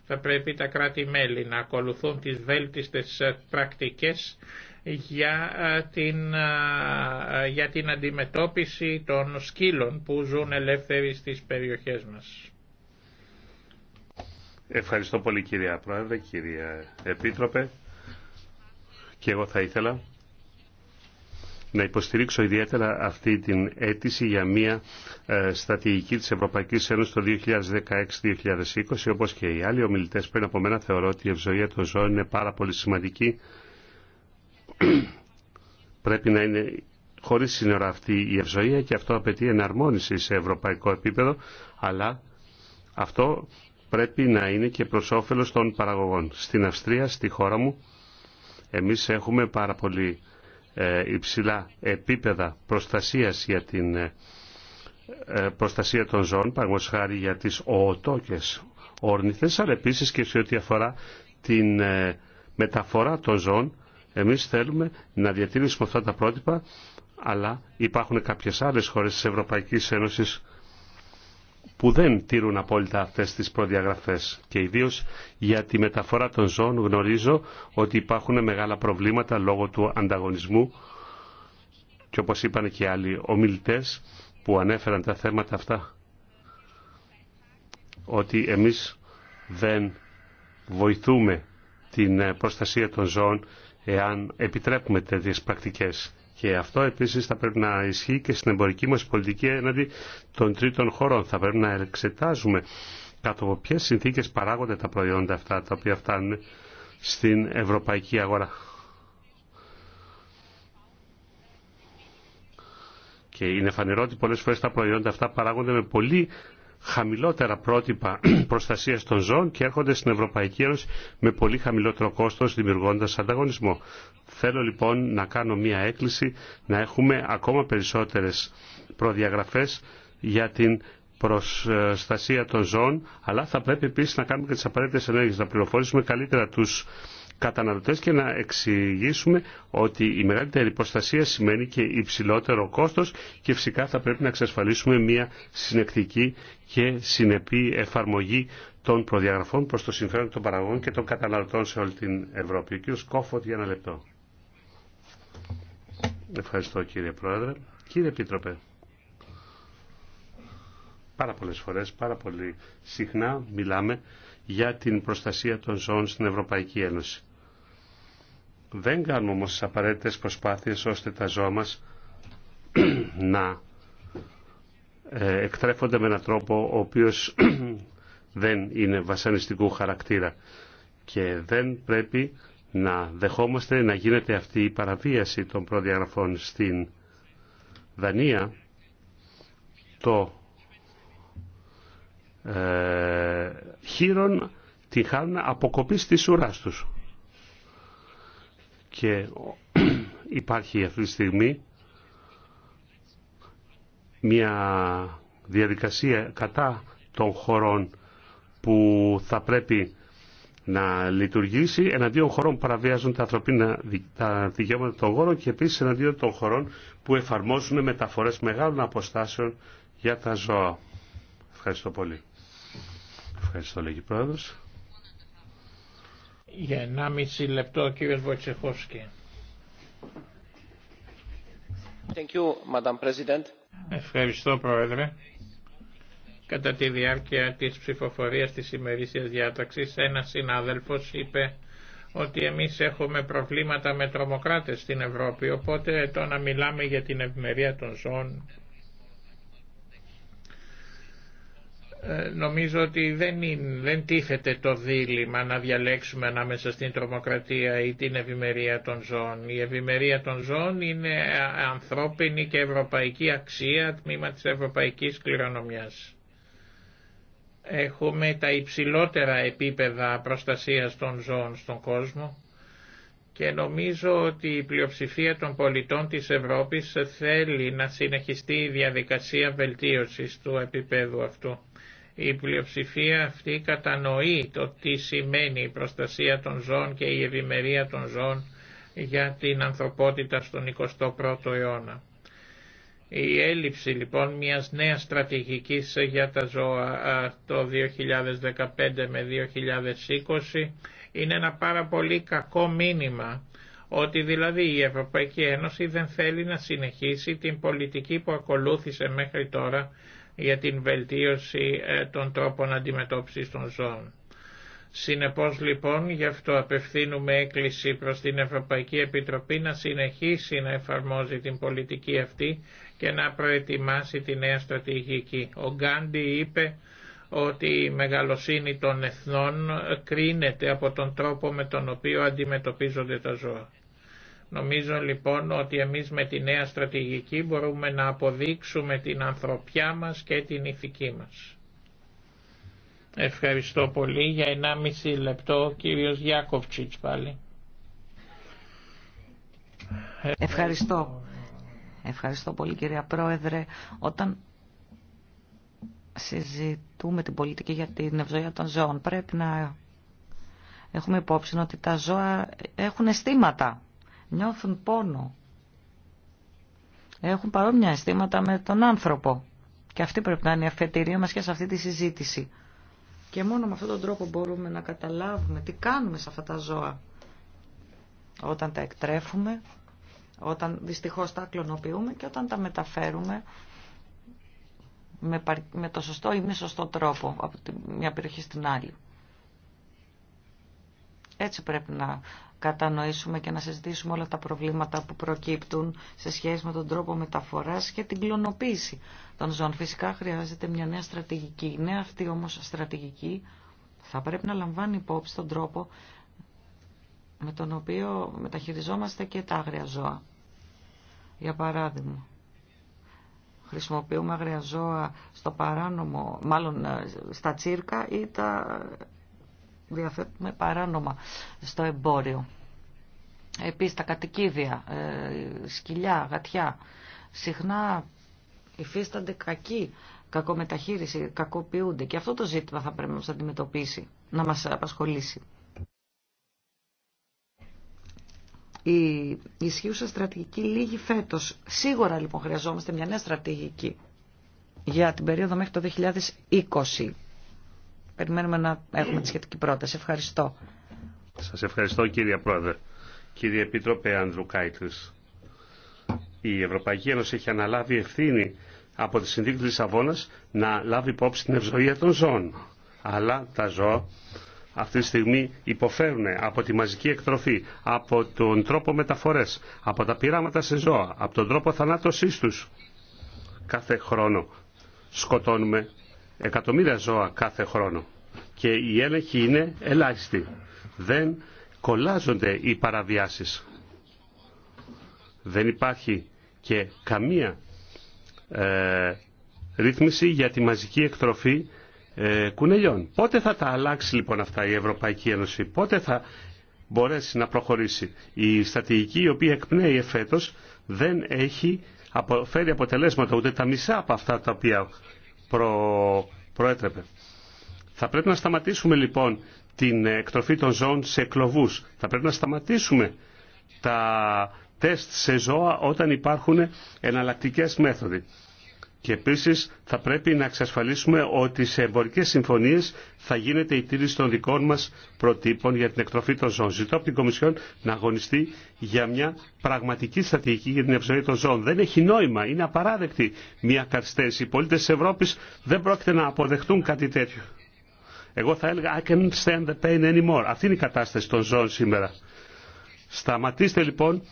S3: Θα πρέπει τα κράτη-μέλη να ακολουθούν τις βέλτιστες ε, πρακτικές για ε, την, ε, για την αντιμετώπιση των σκύλων που ζουν ελεύθεροι στις περιοχές μας.
S1: Ευχαριστώ πολύ κυρία Πρόεδρε, κυρία Επίτροπε. Και εγώ θα ήθελα να υποστηρίξω ιδιαίτερα αυτή την αίτηση για μια ε, στρατηγική της Ευρωπαϊκής Ένωσης το 2016-2020 όπως και οι άλλοι ομιλητές πριν από μένα θεωρώ ότι η ευζοία των ζώων είναι πάρα πολύ σημαντική πρέπει να είναι χωρίς σύνορα αυτή η ευζοία και αυτό απαιτεί εναρμόνιση σε ευρωπαϊκό επίπεδο αλλά αυτό πρέπει να είναι και προς όφελος των παραγωγών. Στην Αυστρία, στη χώρα μου, εμείς έχουμε πάρα πολύ ε, υψηλά επίπεδα προστασίας για την ε, ε, προστασία των ζώων, παραγωγός για τις οοτόκες όρνηθες, αλλά επίσης και σε ό,τι αφορά την μεταφορά των ζώων, εμείς θέλουμε να διατηρήσουμε αυτά τα πρότυπα, αλλά υπάρχουν κάποιες άλλες χώρες της Ευρωπαϊκής Ένωσης που δεν τηρούν απόλυτα αυτές τις προδιαγραφές και ιδίως για τη μεταφορά των ζώων γνωρίζω ότι υπάρχουν μεγάλα προβλήματα λόγω του ανταγωνισμού και όπως είπαν και άλλοι ομιλητές που ανέφεραν τα θέματα αυτά ότι εμείς δεν βοηθούμε την ε, προστασία των ζώων εάν επιτρέπουμε τέτοιες πρακτικές. Και αυτό επίσης θα πρέπει να ισχύει και στην εμπορική μας πολιτική έναντι των τρίτων χωρών. Θα πρέπει να εξετάζουμε κάτω από ποιες παράγονται τα προϊόντα αυτά τα οποία φτάνουν στην ευρωπαϊκή αγορά. Και είναι φανερό ότι πολλές φορές τα προϊόντα αυτά παράγονται με πολύ χαμηλότερα πρότυπα προστασίας των ζώων και έρχονται στην Ευρωπαϊκή Ένωση με πολύ χαμηλότερο κόστος δημιουργώντας ανταγωνισμό. Θέλω λοιπόν να κάνω μία έκκληση να έχουμε ακόμα περισσότερες προδιαγραφές για την προστασία των ζώων αλλά θα πρέπει επίσης να κάνουμε και τις απαραίτητες ενέργειες, να πληροφορήσουμε καλύτερα τους καταναλωτές και να εξηγήσουμε ότι η μεγαλύτερη προστασία σημαίνει και υψηλότερο κόστος και φυσικά θα πρέπει να εξασφαλίσουμε μια συνεκτική και συνεπή εφαρμογή των προδιαγραφών προς το συμφέρον των παραγωγών και των καταναλωτών σε όλη την Ευρώπη. Ο κ. Κόφωτ για ένα λεπτό. Ευχαριστώ κύριε Πρόεδρε. Κύριε Επίτροπε, πάρα πολλές φορές, πάρα πολύ συχνά μιλάμε για την προστασία των ζώων στην Ευρωπαϊκή Ένωση. Δεν κάνουμε όμως τις απαραίτητες προσπάθειες ώστε τα ζώα μας να ε, εκτρέφονται με έναν τρόπο ο οποίος δεν είναι βασανιστικού χαρακτήρα και δεν πρέπει να δεχόμαστε να γίνεται αυτή η παραβίαση των προδιαγραφών στην Δανία το ε, χείρον την χάνουν αποκοπής τη ουράς τους. Και υπάρχει αυτή τη στιγμή μια διαδικασία κατά των χωρών που θα πρέπει να λειτουργήσει εναντίον χωρών που παραβιάζουν τα ανθρωπίνα τα δικαιώματα των χωρών και επίσης εναντίον των χωρών που εφαρμόζουν μεταφορές μεγάλων αποστάσεων για τα ζώα. Ευχαριστώ πολύ. Ευχαριστώ, λέγει πρόεδρο.
S3: Για 1,5 λεπτό ο κύριο Ευχαριστώ, Πρόεδρε. Κατά τη διάρκεια της ψηφοφορίας της ημερήσιας διάταξης, ένας συνάδελφος είπε ότι εμείς έχουμε προβλήματα με τρομοκράτες στην Ευρώπη, οπότε το να μιλάμε για την ευημερία των ζώων Ε, νομίζω ότι δεν, δεν τίθεται το δίλημα να διαλέξουμε ανάμεσα στην τρομοκρατία ή την ευημερία των ζώων. Η ευημερία των ζώων είναι ανθρώπινη και ευρωπαϊκή αξία, τμήμα της ευρωπαϊκής κληρονομιάς. Έχουμε τα υψηλότερα επίπεδα προστασίας των ζώων στον κόσμο και νομίζω ότι η πλειοψηφία των πολιτών της Ευρώπης θέλει να συνεχιστεί η διαδικασία βελτίωσης του επίπεδου αυτού. Η πλειοψηφία αυτή κατανοεί το τι σημαίνει η προστασία των ζώων και η ευημερία των ζώων για την ανθρωπότητα στον 21ο αιώνα. Η έλλειψη λοιπόν μιας νέας στρατηγικής για τα ζώα το 2015 με 2020 είναι ένα πάρα πολύ κακό μήνυμα ότι δηλαδή η Ευρωπαϊκή Ένωση δεν θέλει να συνεχίσει την πολιτική που ακολούθησε μέχρι τώρα για την βελτίωση ε, των τρόπων αντιμετώπισης των ζώων. Συνεπώς λοιπόν γι' αυτό απευθύνουμε έκκληση προς την Ευρωπαϊκή Επιτροπή να συνεχίσει να εφαρμόζει την πολιτική αυτή και να προετοιμάσει τη νέα στρατηγική. Ο Γκάντι είπε ότι η μεγαλοσύνη των εθνών κρίνεται από τον τρόπο με τον οποίο αντιμετωπίζονται τα ζώα. Νομίζω λοιπόν ότι εμείς με τη νέα στρατηγική μπορούμε να αποδείξουμε την ανθρωπιά μας και την ηθική μας. Ευχαριστώ πολύ. Για 1,5 λεπτό ο κύριος
S2: Γιάκοβτσίτς πάλι. Ευχαριστώ. Ευχαριστώ πολύ κύριε Πρόεδρε. Όταν συζητούμε την πολιτική για την ευζοία των ζώων πρέπει να έχουμε υπόψη ότι τα ζώα έχουν αισθήματα νιώθουν πόνο. Έχουν παρόμοια αισθήματα με τον άνθρωπο. Και αυτή πρέπει να είναι η αφετηρία μας και σε αυτή τη συζήτηση. Και μόνο με αυτόν τον τρόπο μπορούμε να καταλάβουμε τι κάνουμε σε αυτά τα ζώα. Όταν τα εκτρέφουμε, όταν δυστυχώς τα κλωνοποιούμε και όταν τα μεταφέρουμε με, το σωστό ή με σωστό τρόπο από μια περιοχή στην άλλη. Έτσι πρέπει να κατανοήσουμε και να συζητήσουμε όλα τα προβλήματα που προκύπτουν σε σχέση με τον τρόπο μεταφοράς και την κλωνοποίηση των ζώων. Φυσικά χρειάζεται μια νέα στρατηγική. Η νέα αυτή όμως στρατηγική θα πρέπει να λαμβάνει υπόψη τον τρόπο με τον οποίο μεταχειριζόμαστε και τα άγρια ζώα. Για παράδειγμα, χρησιμοποιούμε άγρια ζώα στο παράνομο, μάλλον ε, στα τσίρκα ή τα διαθέτουμε παράνομα στο εμπόριο. Επίσης τα κατοικίδια, ε, σκυλιά, γατιά, συχνά υφίστανται κακοί, κακομεταχείριση, κακοποιούνται και αυτό το ζήτημα θα πρέπει να μας αντιμετωπίσει, να μας απασχολήσει. Η ισχύουσα στρατηγική λίγη φέτος. Σίγουρα λοιπόν χρειαζόμαστε μια νέα στρατηγική για την περίοδο μέχρι το 2020 περιμένουμε να έχουμε τη σχετική πρόταση. Ευχαριστώ. Σας
S1: ευχαριστώ κύριε Πρόεδρε. Κύριε Επίτροπε Κάιτλης, η Ευρωπαϊκή Ένωση έχει αναλάβει ευθύνη από τη συνθήκη της Λισαβόνας να λάβει υπόψη την ευζοία των ζώων. Αλλά τα ζώα αυτή τη στιγμή υποφέρουν από τη μαζική εκτροφή, από τον τρόπο μεταφορές, από τα πειράματα σε ζώα, από τον τρόπο θανάτωσής τους. Κάθε χρόνο σκοτώνουμε εκατομμύρια ζώα κάθε χρόνο και η έλεγχοι είναι ελάχιστη. Δεν κολλάζονται οι παραβιάσεις. Δεν υπάρχει και καμία ε, ρύθμιση για τη μαζική εκτροφή ε, κουνελιών. Πότε θα τα αλλάξει λοιπόν αυτά η Ευρωπαϊκή Ένωση, πότε θα μπορέσει να προχωρήσει. Η στρατηγική η οποία εκπνέει εφέτος δεν έχει φέρει αποτελέσματα ούτε τα μισά από αυτά τα οποία προ... προέτρεπε. Θα πρέπει να σταματήσουμε λοιπόν την εκτροφή των ζώων σε κλοβούς. Θα πρέπει να σταματήσουμε τα τεστ σε ζώα όταν υπάρχουν εναλλακτικές μέθοδοι. Και επίση θα πρέπει να εξασφαλίσουμε ότι σε εμπορικέ συμφωνίε θα γίνεται η τήρηση των δικών μα προτύπων για την εκτροφή των ζώων. Ζητώ από την Κομισιόν να αγωνιστεί για μια πραγματική στρατηγική για την ευζοή των ζώων. Δεν έχει νόημα, είναι απαράδεκτη μια καρστέση. Οι πολίτε τη Ευρώπη δεν πρόκειται να αποδεχτούν κάτι τέτοιο. Εγώ θα έλεγα I can't stand the pain anymore. Αυτή είναι η κατάσταση των ζώων σήμερα. Σταματήστε λοιπόν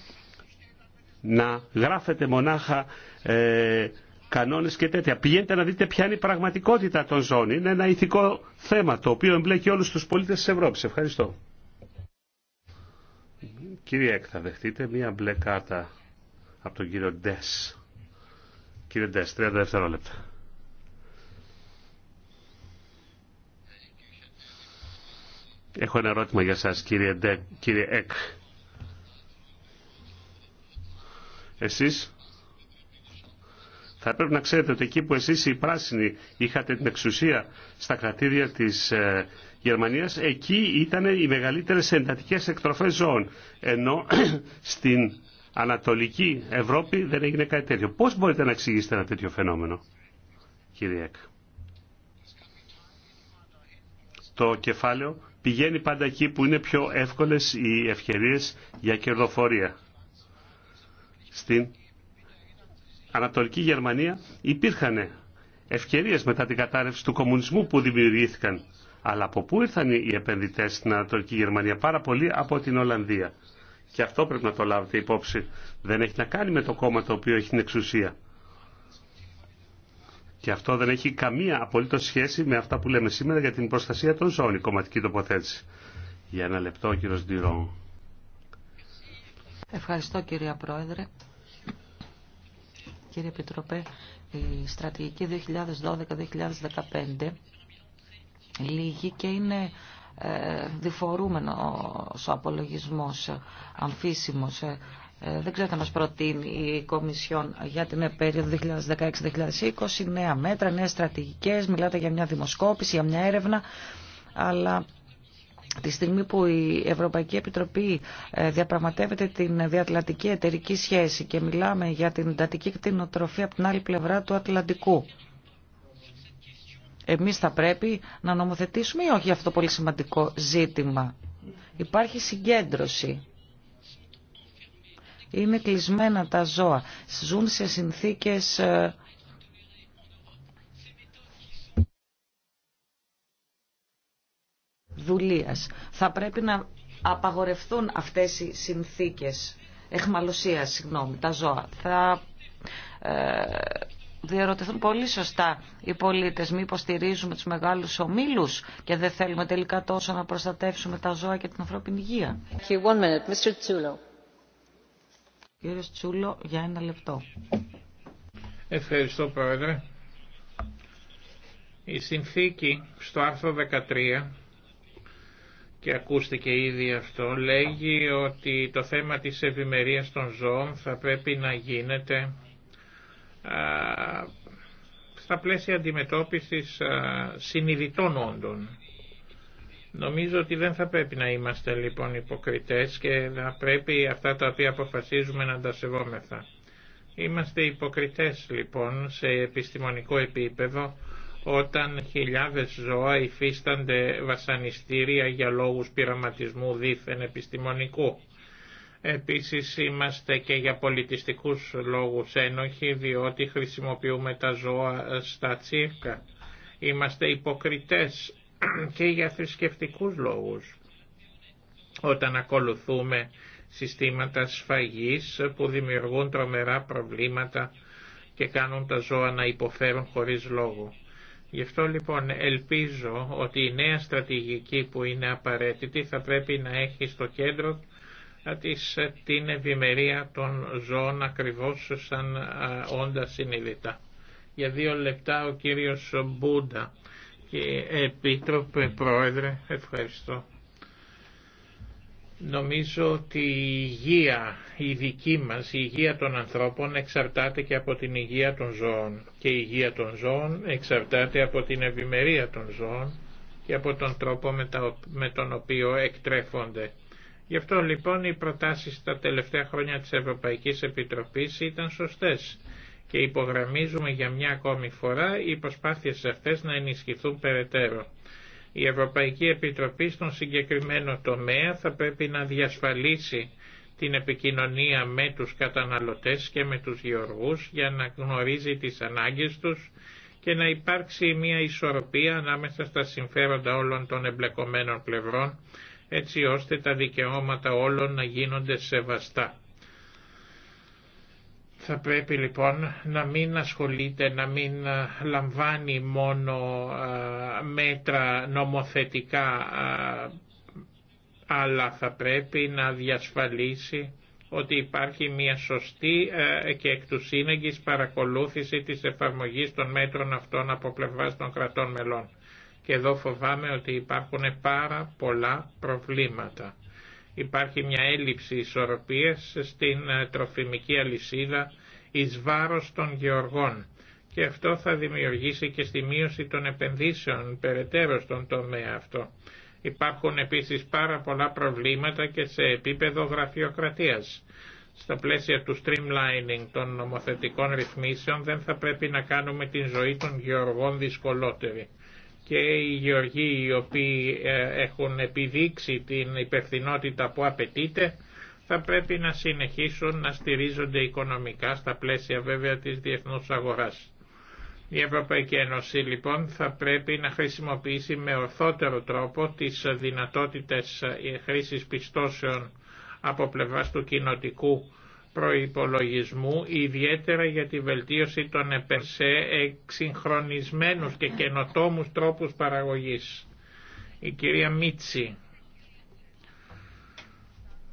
S1: να γράφετε μονάχα ε, κανόνες και τέτοια. Πηγαίνετε να δείτε ποια είναι η πραγματικότητα των ζώων. Είναι ένα ηθικό θέμα το οποίο εμπλέκει όλους τους πολίτες τη Ευρώπης. Ευχαριστώ. Κύριε Εκ, θα δεχτείτε μία μπλε κάρτα από τον κύριο Ντες. Κύριε Ντες, 30 δευτερόλεπτα. Έχω ένα ερώτημα για σας κύριε, Ντε, κύριε Εκ. Εσείς θα πρέπει να ξέρετε ότι εκεί που εσείς οι πράσινοι είχατε την εξουσία στα κρατήρια της ε, Γερμανίας, εκεί ήταν οι μεγαλύτερες εντατικές εκτροφές ζώων. Ενώ στην Ανατολική Ευρώπη δεν έγινε κάτι τέτοιο. Πώς μπορείτε να εξηγήσετε ένα τέτοιο φαινόμενο, κύριε Εκ. Το κεφάλαιο πηγαίνει πάντα εκεί που είναι πιο εύκολες οι ευκαιρίες για κερδοφορία. Στην Ανατολική Γερμανία υπήρχαν ευκαιρίες μετά την κατάρρευση του κομμουνισμού που δημιουργήθηκαν. Αλλά από πού ήρθαν οι επενδυτές στην Ανατολική Γερμανία, πάρα πολύ από την Ολλανδία. Και αυτό πρέπει να το λάβετε υπόψη. Δεν έχει να κάνει με το κόμμα το οποίο έχει την εξουσία. Και αυτό δεν έχει καμία απολύτω σχέση με αυτά που λέμε σήμερα για την προστασία των ζώων, η κομματική τοποθέτηση. Για ένα λεπτό, κύριο
S2: Ντυρό. Ευχαριστώ, κυρία Πρόεδρε. Κύριε Επιτροπέ, η στρατηγική 2012-2015 λύγει και είναι ε, διφορούμενο ο απολογισμός, αμφίσιμος. Ε, δεν ξέρω τι μας προτείνει η Κομισιόν για την περίοδο 2016-2020, νέα μέτρα, νέες στρατηγικές, μιλάτε για μια δημοσκόπηση, για μια έρευνα, αλλά Τη στιγμή που η Ευρωπαϊκή Επιτροπή ε, διαπραγματεύεται την διατλαντική εταιρική σχέση και μιλάμε για την εντατική κτηνοτροφή από την άλλη πλευρά του Ατλαντικού. Εμείς θα πρέπει να νομοθετήσουμε ή όχι αυτό το πολύ σημαντικό ζήτημα. Υπάρχει συγκέντρωση. Είναι κλεισμένα τα ζώα. Ζουν σε συνθήκες ε, δουλείας. Θα πρέπει να απαγορευτούν αυτές οι συνθήκες εχμαλωσίας, συγγνώμη, τα ζώα. Θα ε, διαρωτηθούν πολύ σωστά οι πολίτες μη υποστηρίζουμε τους μεγάλους ομίλους και δεν θέλουμε τελικά τόσο να προστατεύσουμε τα ζώα και την ανθρώπινη υγεία. One Κύριος Τσούλο, για ένα λεπτό.
S3: Ευχαριστώ, Πρόεδρε. Η συνθήκη στο άρθρο 13 και ακούστηκε ήδη αυτό, λέγει ότι το θέμα της ευημερίας των ζώων θα πρέπει να γίνεται στα πλαίσια αντιμετώπισης συνειδητών όντων. Νομίζω ότι δεν θα πρέπει να είμαστε λοιπόν υποκριτές και θα πρέπει αυτά τα οποία αποφασίζουμε να τα σεβόμεθα. Είμαστε υποκριτές λοιπόν σε επιστημονικό επίπεδο όταν χιλιάδες ζώα υφίστανται βασανιστήρια για λόγους πειραματισμού δίθεν επιστημονικού. Επίσης είμαστε και για πολιτιστικούς λόγους ένοχοι διότι χρησιμοποιούμε τα ζώα στα τσίρκα. Είμαστε υποκριτές και για θρησκευτικούς λόγους όταν ακολουθούμε συστήματα σφαγής που δημιουργούν τρομερά προβλήματα και κάνουν τα ζώα να υποφέρουν χωρίς λόγο. Γι' αυτό λοιπόν ελπίζω ότι η νέα στρατηγική που είναι απαραίτητη θα πρέπει να έχει στο κέντρο ε, της ε, την ευημερία των ζώων ακριβώς σαν όντα συνειδητά. Για δύο λεπτά ο κύριος Μπούντα και ε, Επίτροπε Πρόεδρε, ευχαριστώ. Νομίζω ότι η υγεία, η δική μας, η υγεία των ανθρώπων εξαρτάται και από την υγεία των ζώων και η υγεία των ζώων εξαρτάται από την ευημερία των ζώων και από τον τρόπο με τον οποίο εκτρέφονται. Γι' αυτό λοιπόν οι προτάσεις τα τελευταία χρόνια της Ευρωπαϊκής Επιτροπής ήταν σωστές και υπογραμμίζουμε για μια ακόμη φορά οι προσπάθειες αυτές να ενισχυθούν περαιτέρω. Η Ευρωπαϊκή Επιτροπή στον συγκεκριμένο τομέα θα πρέπει να διασφαλίσει την επικοινωνία με τους καταναλωτές και με τους γεωργούς για να γνωρίζει τις ανάγκες τους και να υπάρξει μια ισορροπία ανάμεσα στα συμφέροντα όλων των εμπλεκομένων πλευρών έτσι ώστε τα δικαιώματα όλων να γίνονται σεβαστά. Θα πρέπει λοιπόν να μην ασχολείται, να μην ε, λαμβάνει μόνο ε, μέτρα νομοθετικά, ε, αλλά θα πρέπει να διασφαλίσει ότι υπάρχει μια σωστή και εκ του σύνεγγης παρακολούθηση της εφαρμογής των μέτρων αυτών από πλευράς των κρατών μελών. Και εδώ φοβάμαι ότι υπάρχουν πάρα πολλά προβλήματα. Υπάρχει μια έλλειψη ισορροπίας στην ε, τροφιμική αλυσίδα εις βάρος των γεωργών και αυτό θα δημιουργήσει και στη μείωση των επενδύσεων περαιτέρω στον τομέα αυτό. Υπάρχουν επίσης πάρα πολλά προβλήματα και σε επίπεδο γραφειοκρατίας. Στα πλαίσια του streamlining των νομοθετικών ρυθμίσεων δεν θα πρέπει να κάνουμε την ζωή των γεωργών δυσκολότερη και οι γεωργοί οι οποίοι ε, έχουν επιδείξει την υπευθυνότητα που απαιτείται θα πρέπει να συνεχίσουν να στηρίζονται οικονομικά στα πλαίσια βέβαια της διεθνούς αγοράς. Η Ευρωπαϊκή Ένωση λοιπόν θα πρέπει να χρησιμοποιήσει με ορθότερο τρόπο τις δυνατότητες ε, χρήσης πιστώσεων από πλευράς του κοινοτικού προϋπολογισμού, ιδιαίτερα για τη βελτίωση των επερσέ εξυγχρονισμένους και καινοτόμους τρόπους παραγωγής. Η κυρία Μίτση.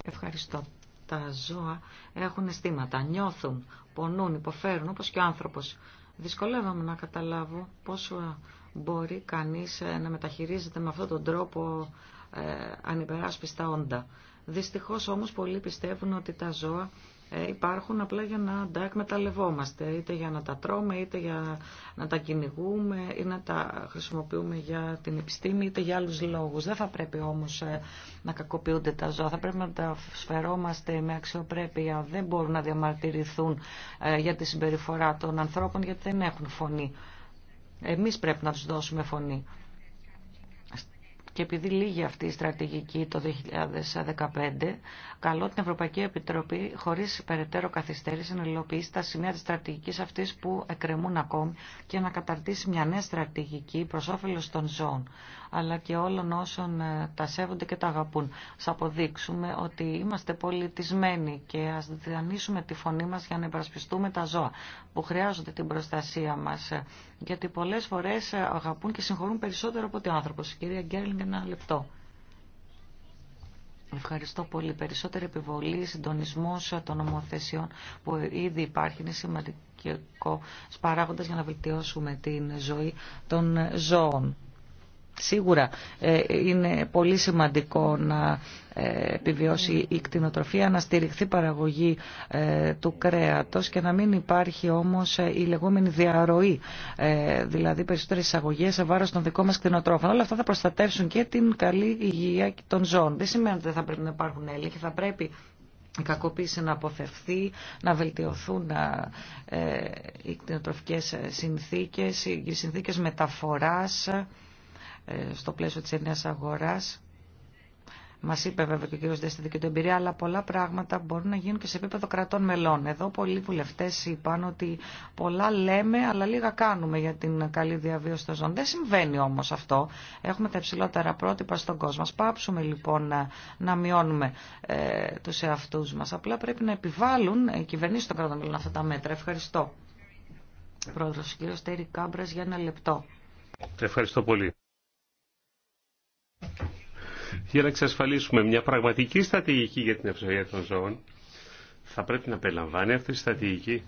S2: Ευχαριστώ. Τα ζώα έχουν αισθήματα, νιώθουν, πονούν, υποφέρουν όπως και ο άνθρωπος. Δυσκολεύομαι να καταλάβω πόσο μπορεί κανείς ε, να μεταχειρίζεται με αυτόν τον τρόπο ε, ανυπεράσπιστα όντα. Δυστυχώς όμως πολλοί πιστεύουν ότι τα ζώα ε, υπάρχουν απλά για να τα εκμεταλλευόμαστε, είτε για να τα τρώμε, είτε για να τα κυνηγούμε ή να τα χρησιμοποιούμε για την επιστήμη, είτε για άλλους λόγους. Δεν θα πρέπει όμως ε, να κακοποιούνται τα ζώα, θα πρέπει να τα σφερόμαστε με αξιοπρέπεια, δεν μπορούν να διαμαρτυρηθούν ε, για τη συμπεριφορά των ανθρώπων γιατί δεν έχουν φωνή. Εμείς πρέπει να τους δώσουμε φωνή. Και επειδή λύγει αυτή η στρατηγική το 2015, καλώ την Ευρωπαϊκή Επιτροπή χωρίς περαιτέρω καθυστέρηση να υλοποιήσει τα σημεία τη στρατηγικής αυτής που εκκρεμούν ακόμη και να καταρτήσει μια νέα στρατηγική προ όφελο των ζώων αλλά και όλων όσων ε, τα σέβονται και τα αγαπούν. Ας αποδείξουμε ότι είμαστε πολιτισμένοι και ας διδανίσουμε τη φωνή μας για να υπερασπιστούμε τα ζώα που χρειάζονται την προστασία μας. Ε, γιατί πολλές φορές ε, αγαπούν και συγχωρούν περισσότερο από ότι ο άνθρωπος. Κυρία Γκέρλινγκ, ένα λεπτό. Ευχαριστώ πολύ. Περισσότερη επιβολή, συντονισμό των νομοθεσιών που ήδη υπάρχει είναι σημαντικό παράγοντα για να βελτιώσουμε την ζωή των ζώων. Σίγουρα ε, είναι πολύ σημαντικό να ε, επιβιώσει η κτηνοτροφία, να στηριχθεί η παραγωγή ε, του κρέατος και να μην υπάρχει όμως η λεγόμενη διαρροή, δηλαδή περισσότερες εισαγωγές σε βάρος των δικών μας κτηνοτρόφων. Όλα αυτά θα προστατεύσουν και την καλή υγεία των ζώων. Δεν σημαίνει ότι δεν θα πρέπει να υπάρχουν έλεγχοι, θα πρέπει η κακοποίηση να αποφευθεί, να βελτιωθούν οι κτηνοτροφικές συνθήκες, οι συνθήκες μεταφοράς, ε, στο πλαίσιο της ενιαίας αγοράς. μας είπε βέβαια και ο κ. Δέστη και την εμπειρία, αλλά πολλά πράγματα μπορούν να γίνουν και σε επίπεδο κρατών μελών. Εδώ πολλοί βουλευτέ είπαν ότι πολλά λέμε, αλλά λίγα κάνουμε για την καλή διαβίωση των ζώων. Δεν συμβαίνει όμω αυτό. Έχουμε τα υψηλότερα πρότυπα στον κόσμο. Α πάψουμε λοιπόν να, να μειώνουμε ε, του εαυτού μα. Απλά πρέπει να επιβάλλουν οι κυβερνήσει των κρατών μελών αυτά τα μέτρα. Ευχαριστώ. Πρόεδρο, κ. Στέρι Κάμπρα, για ένα λεπτό.
S1: Ευχαριστώ πολύ για να εξασφαλίσουμε μια πραγματική στρατηγική για την ευζοία των ζώων, θα πρέπει να περιλαμβάνει αυτή η στρατηγική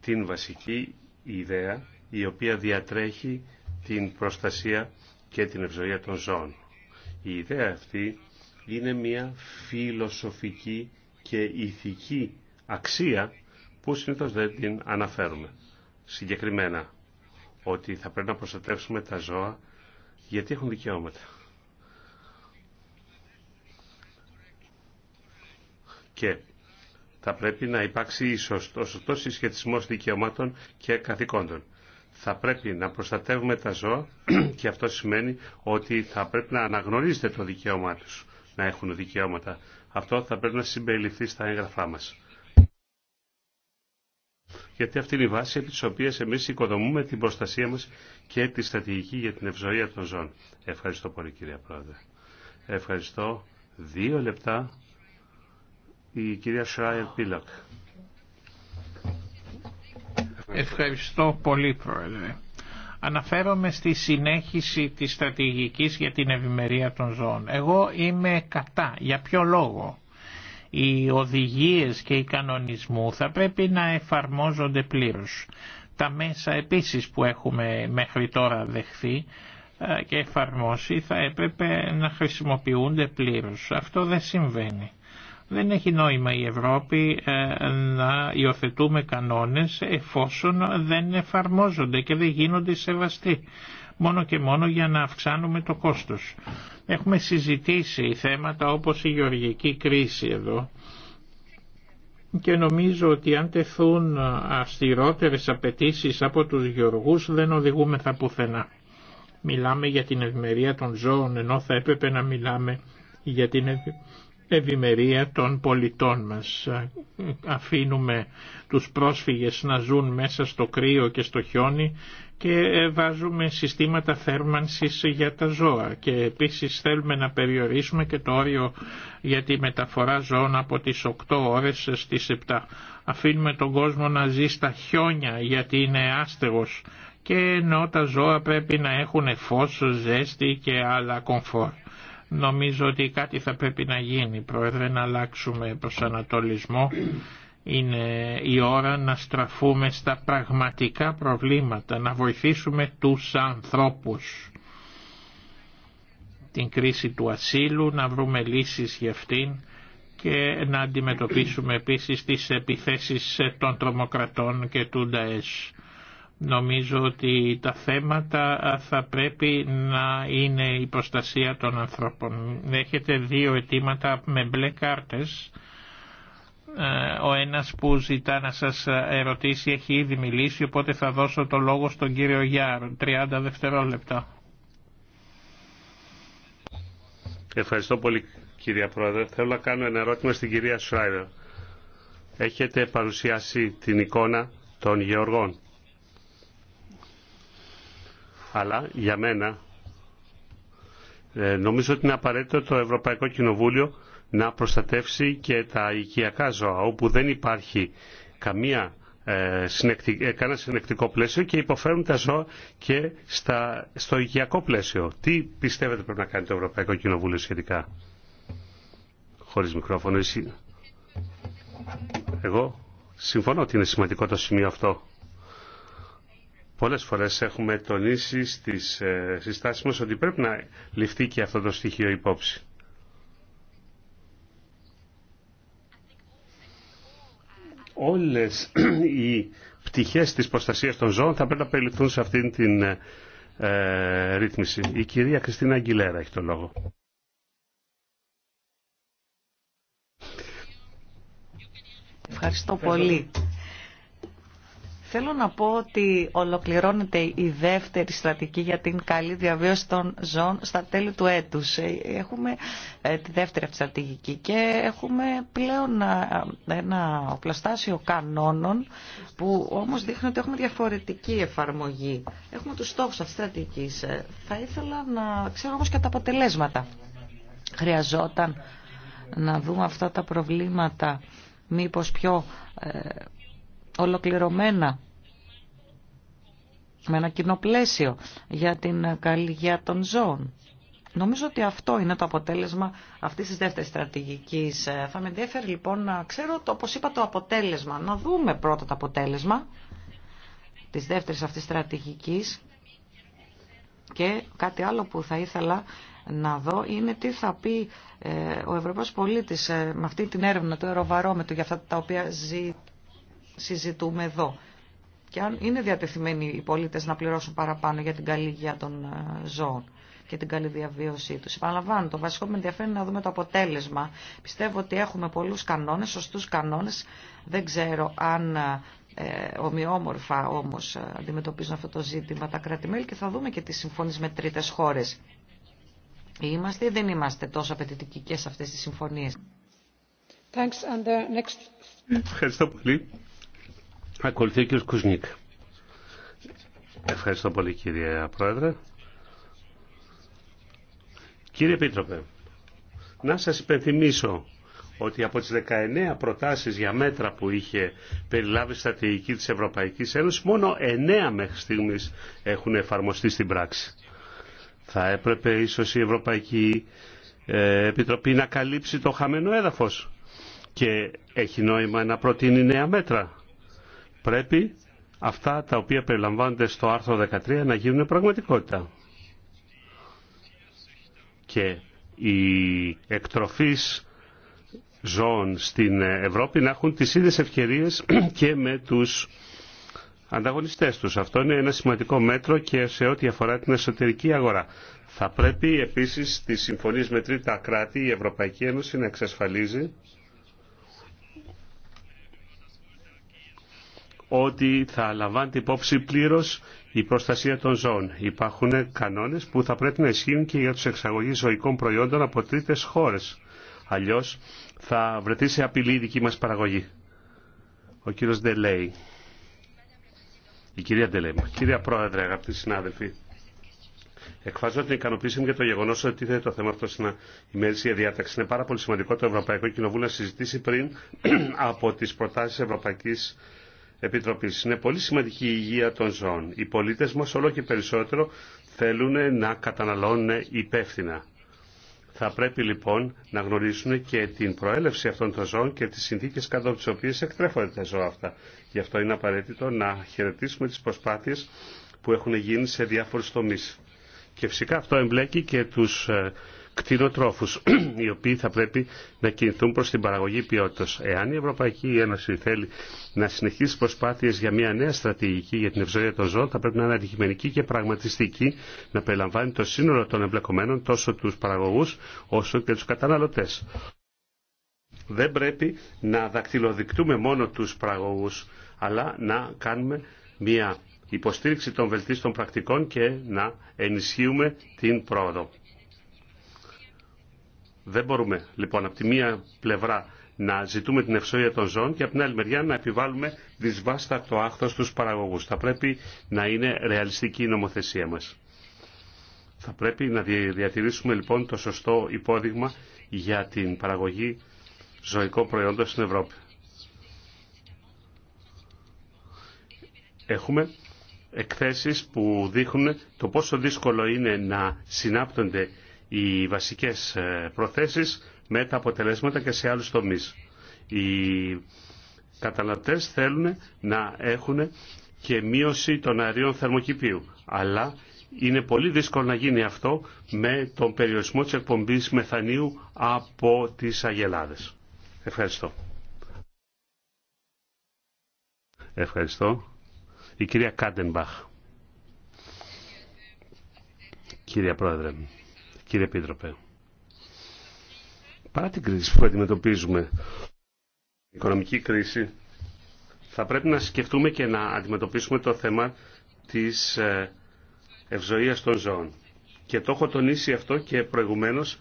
S1: την βασική ιδέα η οποία διατρέχει την προστασία και την ευζοία των ζώων. Η ιδέα αυτή είναι μια φιλοσοφική και ηθική αξία που συνήθως δεν την αναφέρουμε. Συγκεκριμένα, ότι θα πρέπει να προστατεύσουμε τα ζώα γιατί έχουν δικαιώματα. και θα πρέπει να υπάρξει ίσως το σωστό συσχετισμός δικαιωμάτων και καθηκόντων. Θα πρέπει να προστατεύουμε τα ζώα και αυτό σημαίνει ότι θα πρέπει να αναγνωρίζετε το δικαίωμά τους να έχουν δικαιώματα. Αυτό θα πρέπει να συμπεριληφθεί στα έγγραφά μας. Γιατί αυτή είναι η βάση επί τις οποίες εμείς οικοδομούμε την προστασία μας και τη στρατηγική για την ευζοία των ζώων. Ευχαριστώ πολύ κυρία Πρόεδρε. Ευχαριστώ. Δύο λεπτά η κυρία Σράιερ Πίλακ.
S3: Ευχαριστώ πολύ Πρόεδρε. Αναφέρομαι στη συνέχιση της στρατηγικής για την ευημερία των ζώων. Εγώ είμαι κατά. Για ποιο λόγο. Οι οδηγίες και οι κανονισμού θα πρέπει να εφαρμόζονται πλήρως. Τα μέσα επίσης που έχουμε μέχρι τώρα δεχθεί ε, και εφαρμόσει θα έπρεπε να χρησιμοποιούνται πλήρως. Αυτό δεν συμβαίνει. Δεν έχει νόημα η Ευρώπη ε, να υιοθετούμε κανόνες εφόσον δεν εφαρμόζονται και δεν γίνονται σεβαστοί μόνο και μόνο για να αυξάνουμε το κόστος. Έχουμε συζητήσει θέματα όπως η γεωργική κρίση εδώ και νομίζω ότι αν τεθούν αυστηρότερες απαιτήσει από τους γεωργούς δεν οδηγούμεθα πουθενά. Μιλάμε για την ευμερία των ζώων ενώ θα έπρεπε να μιλάμε για την ευμερία ευημερία των πολιτών μας. Αφήνουμε τους πρόσφυγες να ζουν μέσα στο κρύο και στο χιόνι και βάζουμε συστήματα θέρμανσης για τα ζώα και επίσης θέλουμε να περιορίσουμε και το όριο για τη μεταφορά ζώων από τις 8 ώρες στις 7. Αφήνουμε τον κόσμο να ζει στα χιόνια γιατί είναι άστεγος και ενώ τα ζώα πρέπει να έχουν φως, ζέστη και άλλα κομφόρ. Νομίζω ότι κάτι θα πρέπει να γίνει, Πρόεδρε, να αλλάξουμε ανατολισμό. Είναι η ώρα να στραφούμε στα πραγματικά προβλήματα, να βοηθήσουμε τους ανθρώπους. Την κρίση του ασύλου, να βρούμε λύσεις για αυτήν και να αντιμετωπίσουμε επίσης τις επιθέσεις των τρομοκρατών και του ΝΤΑΕΣ. Νομίζω ότι τα θέματα θα πρέπει να είναι η προστασία των ανθρώπων. Έχετε δύο αιτήματα με μπλε κάρτες. Ε, ο ένας που ζητά να σας ερωτήσει έχει ήδη μιλήσει, οπότε θα δώσω το λόγο στον κύριο Γιάρ. 30 δευτερόλεπτα.
S1: Ευχαριστώ πολύ κυρία Πρόεδρε. Θέλω να κάνω ένα ερώτημα στην κυρία Σράιδερ. Έχετε παρουσιάσει την εικόνα των γεωργών αλλά για μένα ε, νομίζω ότι είναι απαραίτητο το Ευρωπαϊκό Κοινοβούλιο να προστατεύσει και τα οικιακά ζώα όπου δεν υπάρχει καμία ε, ε, κανένα συνεκτικό πλαίσιο και υποφέρουν τα ζώα και στα, στο οικιακό πλαίσιο. Τι πιστεύετε πρέπει να κάνει το Ευρωπαϊκό Κοινοβούλιο σχετικά. Χωρίς μικρόφωνο. Εσύ. Εγώ συμφωνώ ότι είναι σημαντικό το σημείο αυτό. Πολλές φορές έχουμε τονίσει στις ε, συστάσεις μας ότι πρέπει να ληφθεί και αυτό το στοιχείο υπόψη. Όλες οι πτυχές της προστασίας των ζώων θα πρέπει να περιληφθούν σε αυτήν την ε, ε ρύθμιση. Η κυρία Κριστίνα Αγγιλέρα έχει το λόγο.
S2: Ευχαριστώ πολύ. Θέλω να πω ότι ολοκληρώνεται η δεύτερη στρατηγική για την καλή διαβίωση των ζώων στα τέλη του έτους. Ε, έχουμε ε, τη δεύτερη αυτή στρατηγική και έχουμε πλέον ε, ένα οπλαστάσιο κανόνων που όμως δείχνει ότι έχουμε διαφορετική εφαρμογή. Έχουμε τους στόχους αυτής της στρατηγικής. Θα ήθελα να ξέρω όμως και τα αποτελέσματα. Χρειαζόταν να δούμε αυτά τα προβλήματα μήπως πιο ολοκληρωμένα με ένα κοινό πλαίσιο για την καλλιγεία των ζώων. Νομίζω ότι αυτό είναι το αποτέλεσμα αυτή τη δεύτερη στρατηγική. Θα με ενδιαφέρει λοιπόν να ξέρω, όπω είπα, το αποτέλεσμα. Να δούμε πρώτα το αποτέλεσμα τη δεύτερη αυτή στρατηγική. Και κάτι άλλο που θα ήθελα να δω είναι τι θα πει ε, ο Ευρωπαίος πολίτης ε, με αυτή την έρευνα του Ευρωβαρόμετρου για αυτά τα οποία συζητούμε εδώ και αν είναι διατεθειμένοι οι πολίτες να πληρώσουν παραπάνω για την καλή υγεία των ε, ζώων και την καλή διαβίωσή τους. Επαναλαμβάνω, το βασικό με ενδιαφέρει είναι να δούμε το αποτέλεσμα. Πιστεύω ότι έχουμε πολλούς κανόνες, σωστούς κανόνες. Δεν ξέρω αν ε, ομοιόμορφα όμως ε, αντιμετωπίζουν αυτό το ζήτημα τα κράτη-μέλη και θα δούμε και τις συμφωνίες με τρίτες χώρες. Είμαστε ή δεν είμαστε τόσο απαιτητικοί και σε αυτές τις συμφωνίες.
S1: Ευχαριστώ πολύ. Ακολουθεί ο κ. Κουσνίκ. Ευχαριστώ πολύ κύριε Πρόεδρε. Κύριε Επίτροπε, να σας υπενθυμίσω ότι από τις 19 προτάσεις για μέτρα που είχε περιλάβει η στρατηγική της Ευρωπαϊκής Ένωσης, μόνο 9 μέχρι στιγμής έχουν εφαρμοστεί στην πράξη. Θα έπρεπε ίσως η Ευρωπαϊκή ε, Επιτροπή να καλύψει το χαμένο έδαφος και έχει νόημα να προτείνει νέα μέτρα πρέπει αυτά τα οποία περιλαμβάνονται στο άρθρο 13 να γίνουν πραγματικότητα. Και οι εκτροφείς ζώων στην Ευρώπη να έχουν τις ίδιες ευκαιρίες και με τους ανταγωνιστές τους. Αυτό είναι ένα σημαντικό μέτρο και σε ό,τι αφορά την εσωτερική αγορά. Θα πρέπει επίσης στις συμφωνίες με τρίτα κράτη η Ευρωπαϊκή Ένωση να εξασφαλίζει ότι θα λαμβάνεται υπόψη πλήρω η προστασία των ζώων. Υπάρχουν κανόνε που θα πρέπει να ισχύουν και για του εξαγωγείς ζωικών προϊόντων από τρίτε χώρε. Αλλιώ θα βρεθεί σε απειλή η δική μα παραγωγή. Ο κύριος Ντελέη. Η κυρία Ντελέη. Κυρία Πρόεδρε, αγαπητοί συνάδελφοι. Εκφράζω την ικανοποίησή μου για το γεγονό ότι τίθεται το θέμα αυτό στην ημερήσια διάταξη. Είναι πάρα πολύ σημαντικό το Ευρωπαϊκό Κοινοβούλιο να συζητήσει πριν από τι προτάσει Ευρωπαϊκή είναι πολύ σημαντική η υγεία των ζώων. Οι πολίτες μας όλο και περισσότερο θέλουν να καταναλώνουν υπεύθυνα. Θα πρέπει λοιπόν να γνωρίσουν και την προέλευση αυτών των ζώων και τις συνθήκες κάτω από τις εκτρέφονται τα ζώα αυτά. Γι' αυτό είναι απαραίτητο να χαιρετήσουμε τις προσπάθειε που έχουν γίνει σε διάφορου τομεί. Και φυσικά αυτό εμπλέκει και του. Ε, κτηνοτρόφους, οι οποίοι θα πρέπει να κινηθούν προς την παραγωγή ποιότητας. Εάν η Ευρωπαϊκή Ένωση θέλει να συνεχίσει προσπάθειες για μια νέα στρατηγική για την ευζοία των ζώων, θα πρέπει να είναι αντικειμενική και πραγματιστική, να περιλαμβάνει το σύνολο των εμπλεκομένων, τόσο τους παραγωγούς όσο και τους καταναλωτές. Δεν πρέπει να δακτυλοδεικτούμε μόνο τους παραγωγούς, αλλά να κάνουμε μια υποστήριξη των βελτίστων πρακτικών και να ενισχύουμε την πρόοδο. Δεν μπορούμε λοιπόν από τη μία πλευρά να ζητούμε την ευσοία των ζώων και από την άλλη μεριά να επιβάλλουμε δυσβάστακτο άχθος στους παραγωγούς. Θα πρέπει να είναι ρεαλιστική η νομοθεσία μας. Θα πρέπει να διατηρήσουμε λοιπόν το σωστό υπόδειγμα για την παραγωγή ζωικών προϊόντων στην Ευρώπη. Έχουμε εκθέσεις που δείχνουν το πόσο δύσκολο είναι να συνάπτονται οι βασικές ε, προθέσεις με τα αποτελέσματα και σε άλλους τομείς. Οι καταναλωτές θέλουν να έχουν και μείωση των αερίων θερμοκηπίου, αλλά είναι πολύ δύσκολο να γίνει αυτό με τον περιορισμό της εκπομπής μεθανίου από τις αγελάδες. Ευχαριστώ. Ευχαριστώ. Η κυρία Κάντεμπαχ. Κυρία Πρόεδρε κύριε Επίτροπε. Παρά την κρίση που αντιμετωπίζουμε, η οικονομική κρίση, θα πρέπει να σκεφτούμε και να αντιμετωπίσουμε το θέμα της ε, ευζοίας των ζώων. Και το έχω τονίσει αυτό και προηγουμένως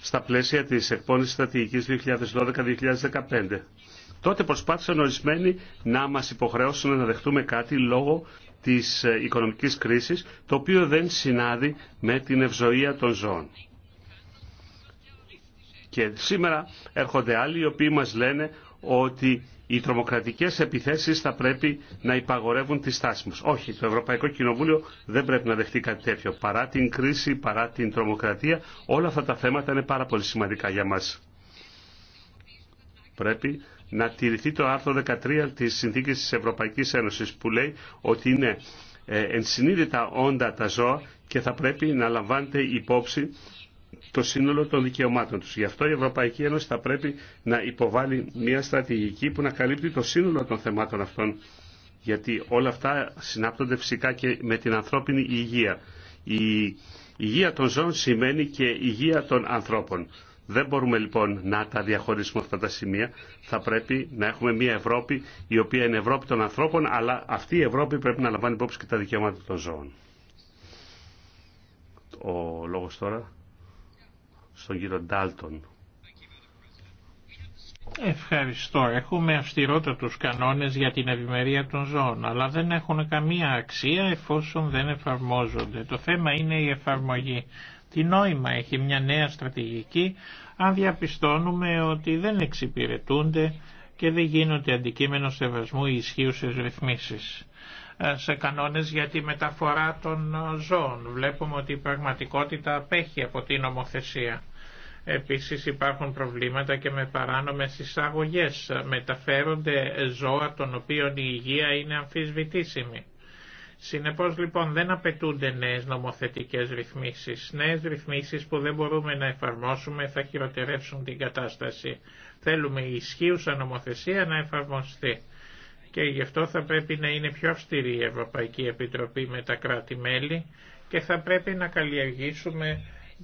S1: στα πλαίσια της εκπόνησης στρατηγικής 2012-2015. Τότε προσπάθησαν ορισμένοι να μας υποχρεώσουν να δεχτούμε κάτι λόγω της ε, οικονομικής κρίσης, το οποίο δεν συνάδει με την ευζοία των ζώων. Και σήμερα έρχονται άλλοι οι οποίοι μας λένε ότι οι τρομοκρατικές επιθέσεις θα πρέπει να υπαγορεύουν τη στάση μας. Όχι, το Ευρωπαϊκό Κοινοβούλιο δεν πρέπει να δεχτεί κάτι τέτοιο. Παρά την κρίση, παρά την τρομοκρατία, όλα αυτά τα θέματα είναι πάρα πολύ σημαντικά για μας. Πρέπει να τηρηθεί το άρθρο 13 της Συνθήκης της Ευρωπαϊκής Ένωσης που λέει ότι είναι ε, ενσυνείδητα όντα τα ζώα και θα πρέπει να λαμβάνεται υπόψη το σύνολο των δικαιωμάτων τους. Γι' αυτό η Ευρωπαϊκή Ένωση θα πρέπει να υποβάλει μια στρατηγική που να καλύπτει το σύνολο των θεμάτων αυτών. Γιατί όλα αυτά συνάπτονται φυσικά και με την ανθρώπινη υγεία. Η υγεία των ζώων σημαίνει και υγεία των ανθρώπων. Δεν μπορούμε λοιπόν να τα διαχωρίσουμε αυτά τα σημεία. Θα πρέπει να έχουμε μια Ευρώπη η οποία είναι Ευρώπη των ανθρώπων, αλλά αυτή η Ευρώπη πρέπει να λαμβάνει υπόψη και τα δικαιώματα των ζώων. Ο λόγος τώρα στον κύριο Ντάλτον.
S3: Ευχαριστώ. Έχουμε αυστηρότατους κανόνες για την ευημερία των ζώων, αλλά δεν έχουν καμία αξία εφόσον δεν εφαρμόζονται. Το θέμα είναι η εφαρμογή. Τι νόημα έχει μια νέα στρατηγική αν διαπιστώνουμε ότι δεν εξυπηρετούνται και δεν γίνονται αντικείμενο σεβασμού οι ισχύουσες ρυθμίσεις ε, σε κανόνες για τη μεταφορά των ζώων. Βλέπουμε ότι η πραγματικότητα απέχει από την νομοθεσία. Επίσης υπάρχουν προβλήματα και με παράνομες εισαγωγές. Μεταφέρονται ζώα των οποίων η υγεία είναι αμφισβητήσιμη. Συνεπώς λοιπόν δεν απαιτούνται νέες νομοθετικές ρυθμίσεις. Νέες ρυθμίσεις που δεν μπορούμε να εφαρμόσουμε θα χειροτερεύσουν την κατάσταση. Θέλουμε η ισχύουσα νομοθεσία να εφαρμοστεί. Και γι' αυτό θα πρέπει να είναι πιο αυστηρή η Ευρωπαϊκή Επιτροπή με τα κράτη-μέλη και θα πρέπει να καλλιεργήσουμε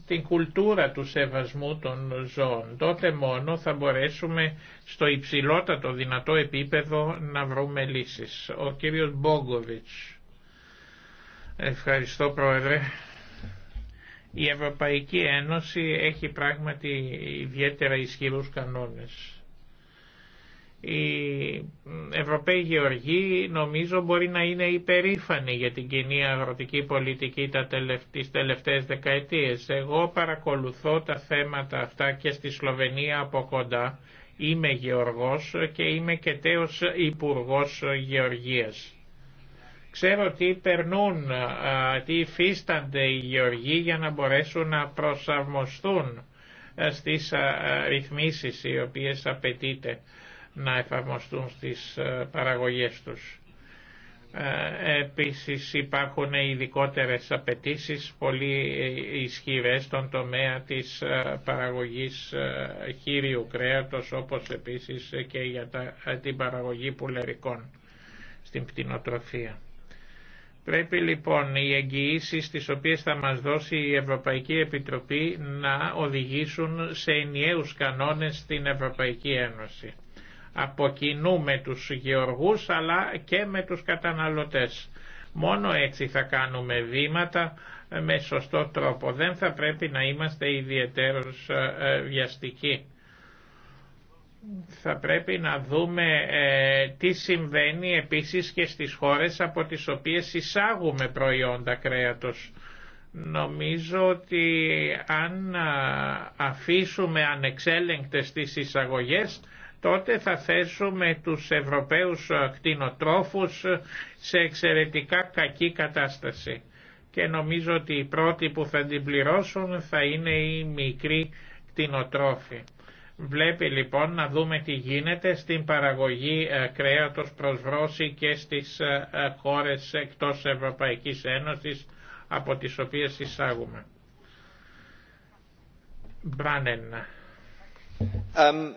S3: την κουλτούρα του σεβασμού των ζώων. Τότε μόνο θα μπορέσουμε στο υψηλότατο δυνατό επίπεδο να βρούμε λύσεις. Ο κύριος Μπόγκοβιτς. Ευχαριστώ Πρόεδρε. Η Ευρωπαϊκή Ένωση έχει πράγματι ιδιαίτερα ισχυρούς κανόνες. Η Ευρωπαίοι Γεωργοί νομίζω μπορεί να είναι υπερήφανοι για την κοινή αγροτική πολιτική τα τις τελευταίες δεκαετίες. Εγώ παρακολουθώ τα θέματα αυτά και στη Σλοβενία από κοντά. Είμαι Γεωργός και είμαι και τέος Υπουργός Γεωργίας Ξέρω τι περνούν, τι υφίστανται οι γεωργοί για να μπορέσουν να προσαρμοστούν ε, στις ρυθμίσεις οι οποίες απαιτείται να εφαρμοστούν στις ε, παραγωγές τους. Ε, επίσης υπάρχουν ειδικότερε απαιτήσει πολύ ισχυρές στον τομέα της παραγωγής χείριου κρέατος όπως επίσης και για την παραγωγή πουλερικών στην πτηνοτροφία. Πρέπει λοιπόν οι εγγυήσει τις οποίες θα μας δώσει η Ευρωπαϊκή Επιτροπή να οδηγήσουν σε ενιαίους κανόνες στην Ευρωπαϊκή Ένωση. Από με τους γεωργούς αλλά και με τους καταναλωτές. Μόνο έτσι θα κάνουμε βήματα με σωστό τρόπο. Δεν θα πρέπει να είμαστε ιδιαίτερως ε, ε, βιαστικοί θα πρέπει να δούμε ε, τι συμβαίνει επίσης και στις χώρες από τις οποίες εισάγουμε προϊόντα κρέατος. Νομίζω ότι αν ε, αφήσουμε ανεξέλεγκτες τις εισαγωγές, τότε θα θέσουμε τους Ευρωπαίους ε, κτηνοτρόφους σε εξαιρετικά κακή κατάσταση. Και νομίζω ότι οι πρώτοι που θα την πληρώσουν θα είναι οι μικροί κτηνοτρόφοι. Βλέπει λοιπόν να δούμε τι γίνεται στην παραγωγή ε, κρέατος προς Ρώση και στις ε, ε, χώρες εκτός Ευρωπαϊκής Ένωσης από τις οποίες εισάγουμε. Μπράνεν. Um,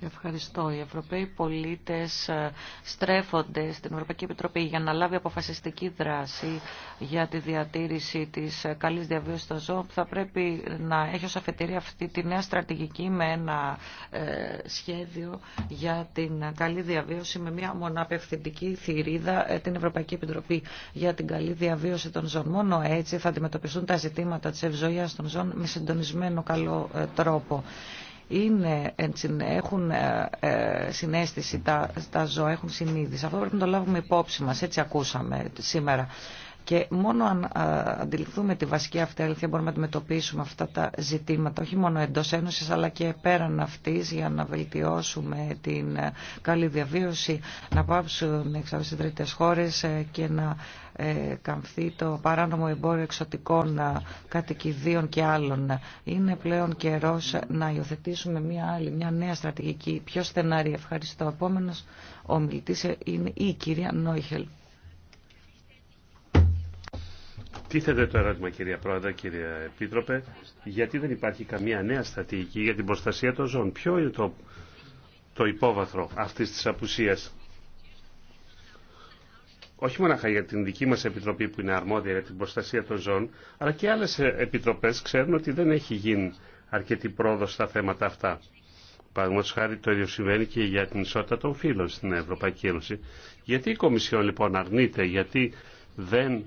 S2: Ευχαριστώ. Οι Ευρωπαίοι πολίτες ε, στρέφονται στην Ευρωπαϊκή Επιτροπή για να λάβει αποφασιστική δράση για τη διατήρηση της ε, καλής διαβίωσης των ζώων που θα πρέπει να έχει ως αφετηρία αυτή τη νέα στρατηγική με ένα ε, σχέδιο για την καλή διαβίωση με μια μοναπευθυντική θηρίδα την Ευρωπαϊκή Επιτροπή για την καλή διαβίωση των ζώων. Μόνο έτσι θα αντιμετωπιστούν τα ζητήματα της ευζοίας των ζώων με συντονισμένο καλό τρόπο είναι, έχουν ε, ε, συνέστηση τα, τα ζώα, έχουν συνείδηση. Αυτό πρέπει να το λάβουμε υπόψη μας, έτσι ακούσαμε σήμερα. Και μόνο αν αντιληφθούμε τη βασική αυτή αλήθεια μπορούμε να αντιμετωπίσουμε αυτά τα ζητήματα, όχι μόνο εντός Ένωσης αλλά και πέραν αυτής για να βελτιώσουμε την ε, καλή διαβίωση, να πάψουν εξαρτήσεις τρίτες χώρες ε, και να ε, καμφθεί το παράνομο εμπόριο εξωτικών κατοικιδίων και άλλων. Είναι πλέον καιρός να υιοθετήσουμε μια άλλη, μια νέα στρατηγική, πιο στεναρή. Ευχαριστώ. Ο επόμενος είναι η κυρία Νόιχελ.
S1: Τίθεται το ερώτημα κυρία Πρόεδρε, κύριε Επίτροπε, γιατί δεν υπάρχει καμία νέα στρατηγική για την προστασία των ζώων. Ποιο είναι το, το υπόβαθρο αυτής της απουσίας. Όχι μόνο για την δική μας Επιτροπή που είναι αρμόδια για την προστασία των ζώων, αλλά και άλλες επιτροπές ξέρουν ότι δεν έχει γίνει αρκετή πρόοδο στα θέματα αυτά. Παραδείγματο χάρη το ίδιο συμβαίνει και για την ισότητα των φύλων στην Ευρωπαϊκή Ένωση. Γιατί η Κομισιόν λοιπόν αρνείται, γιατί δεν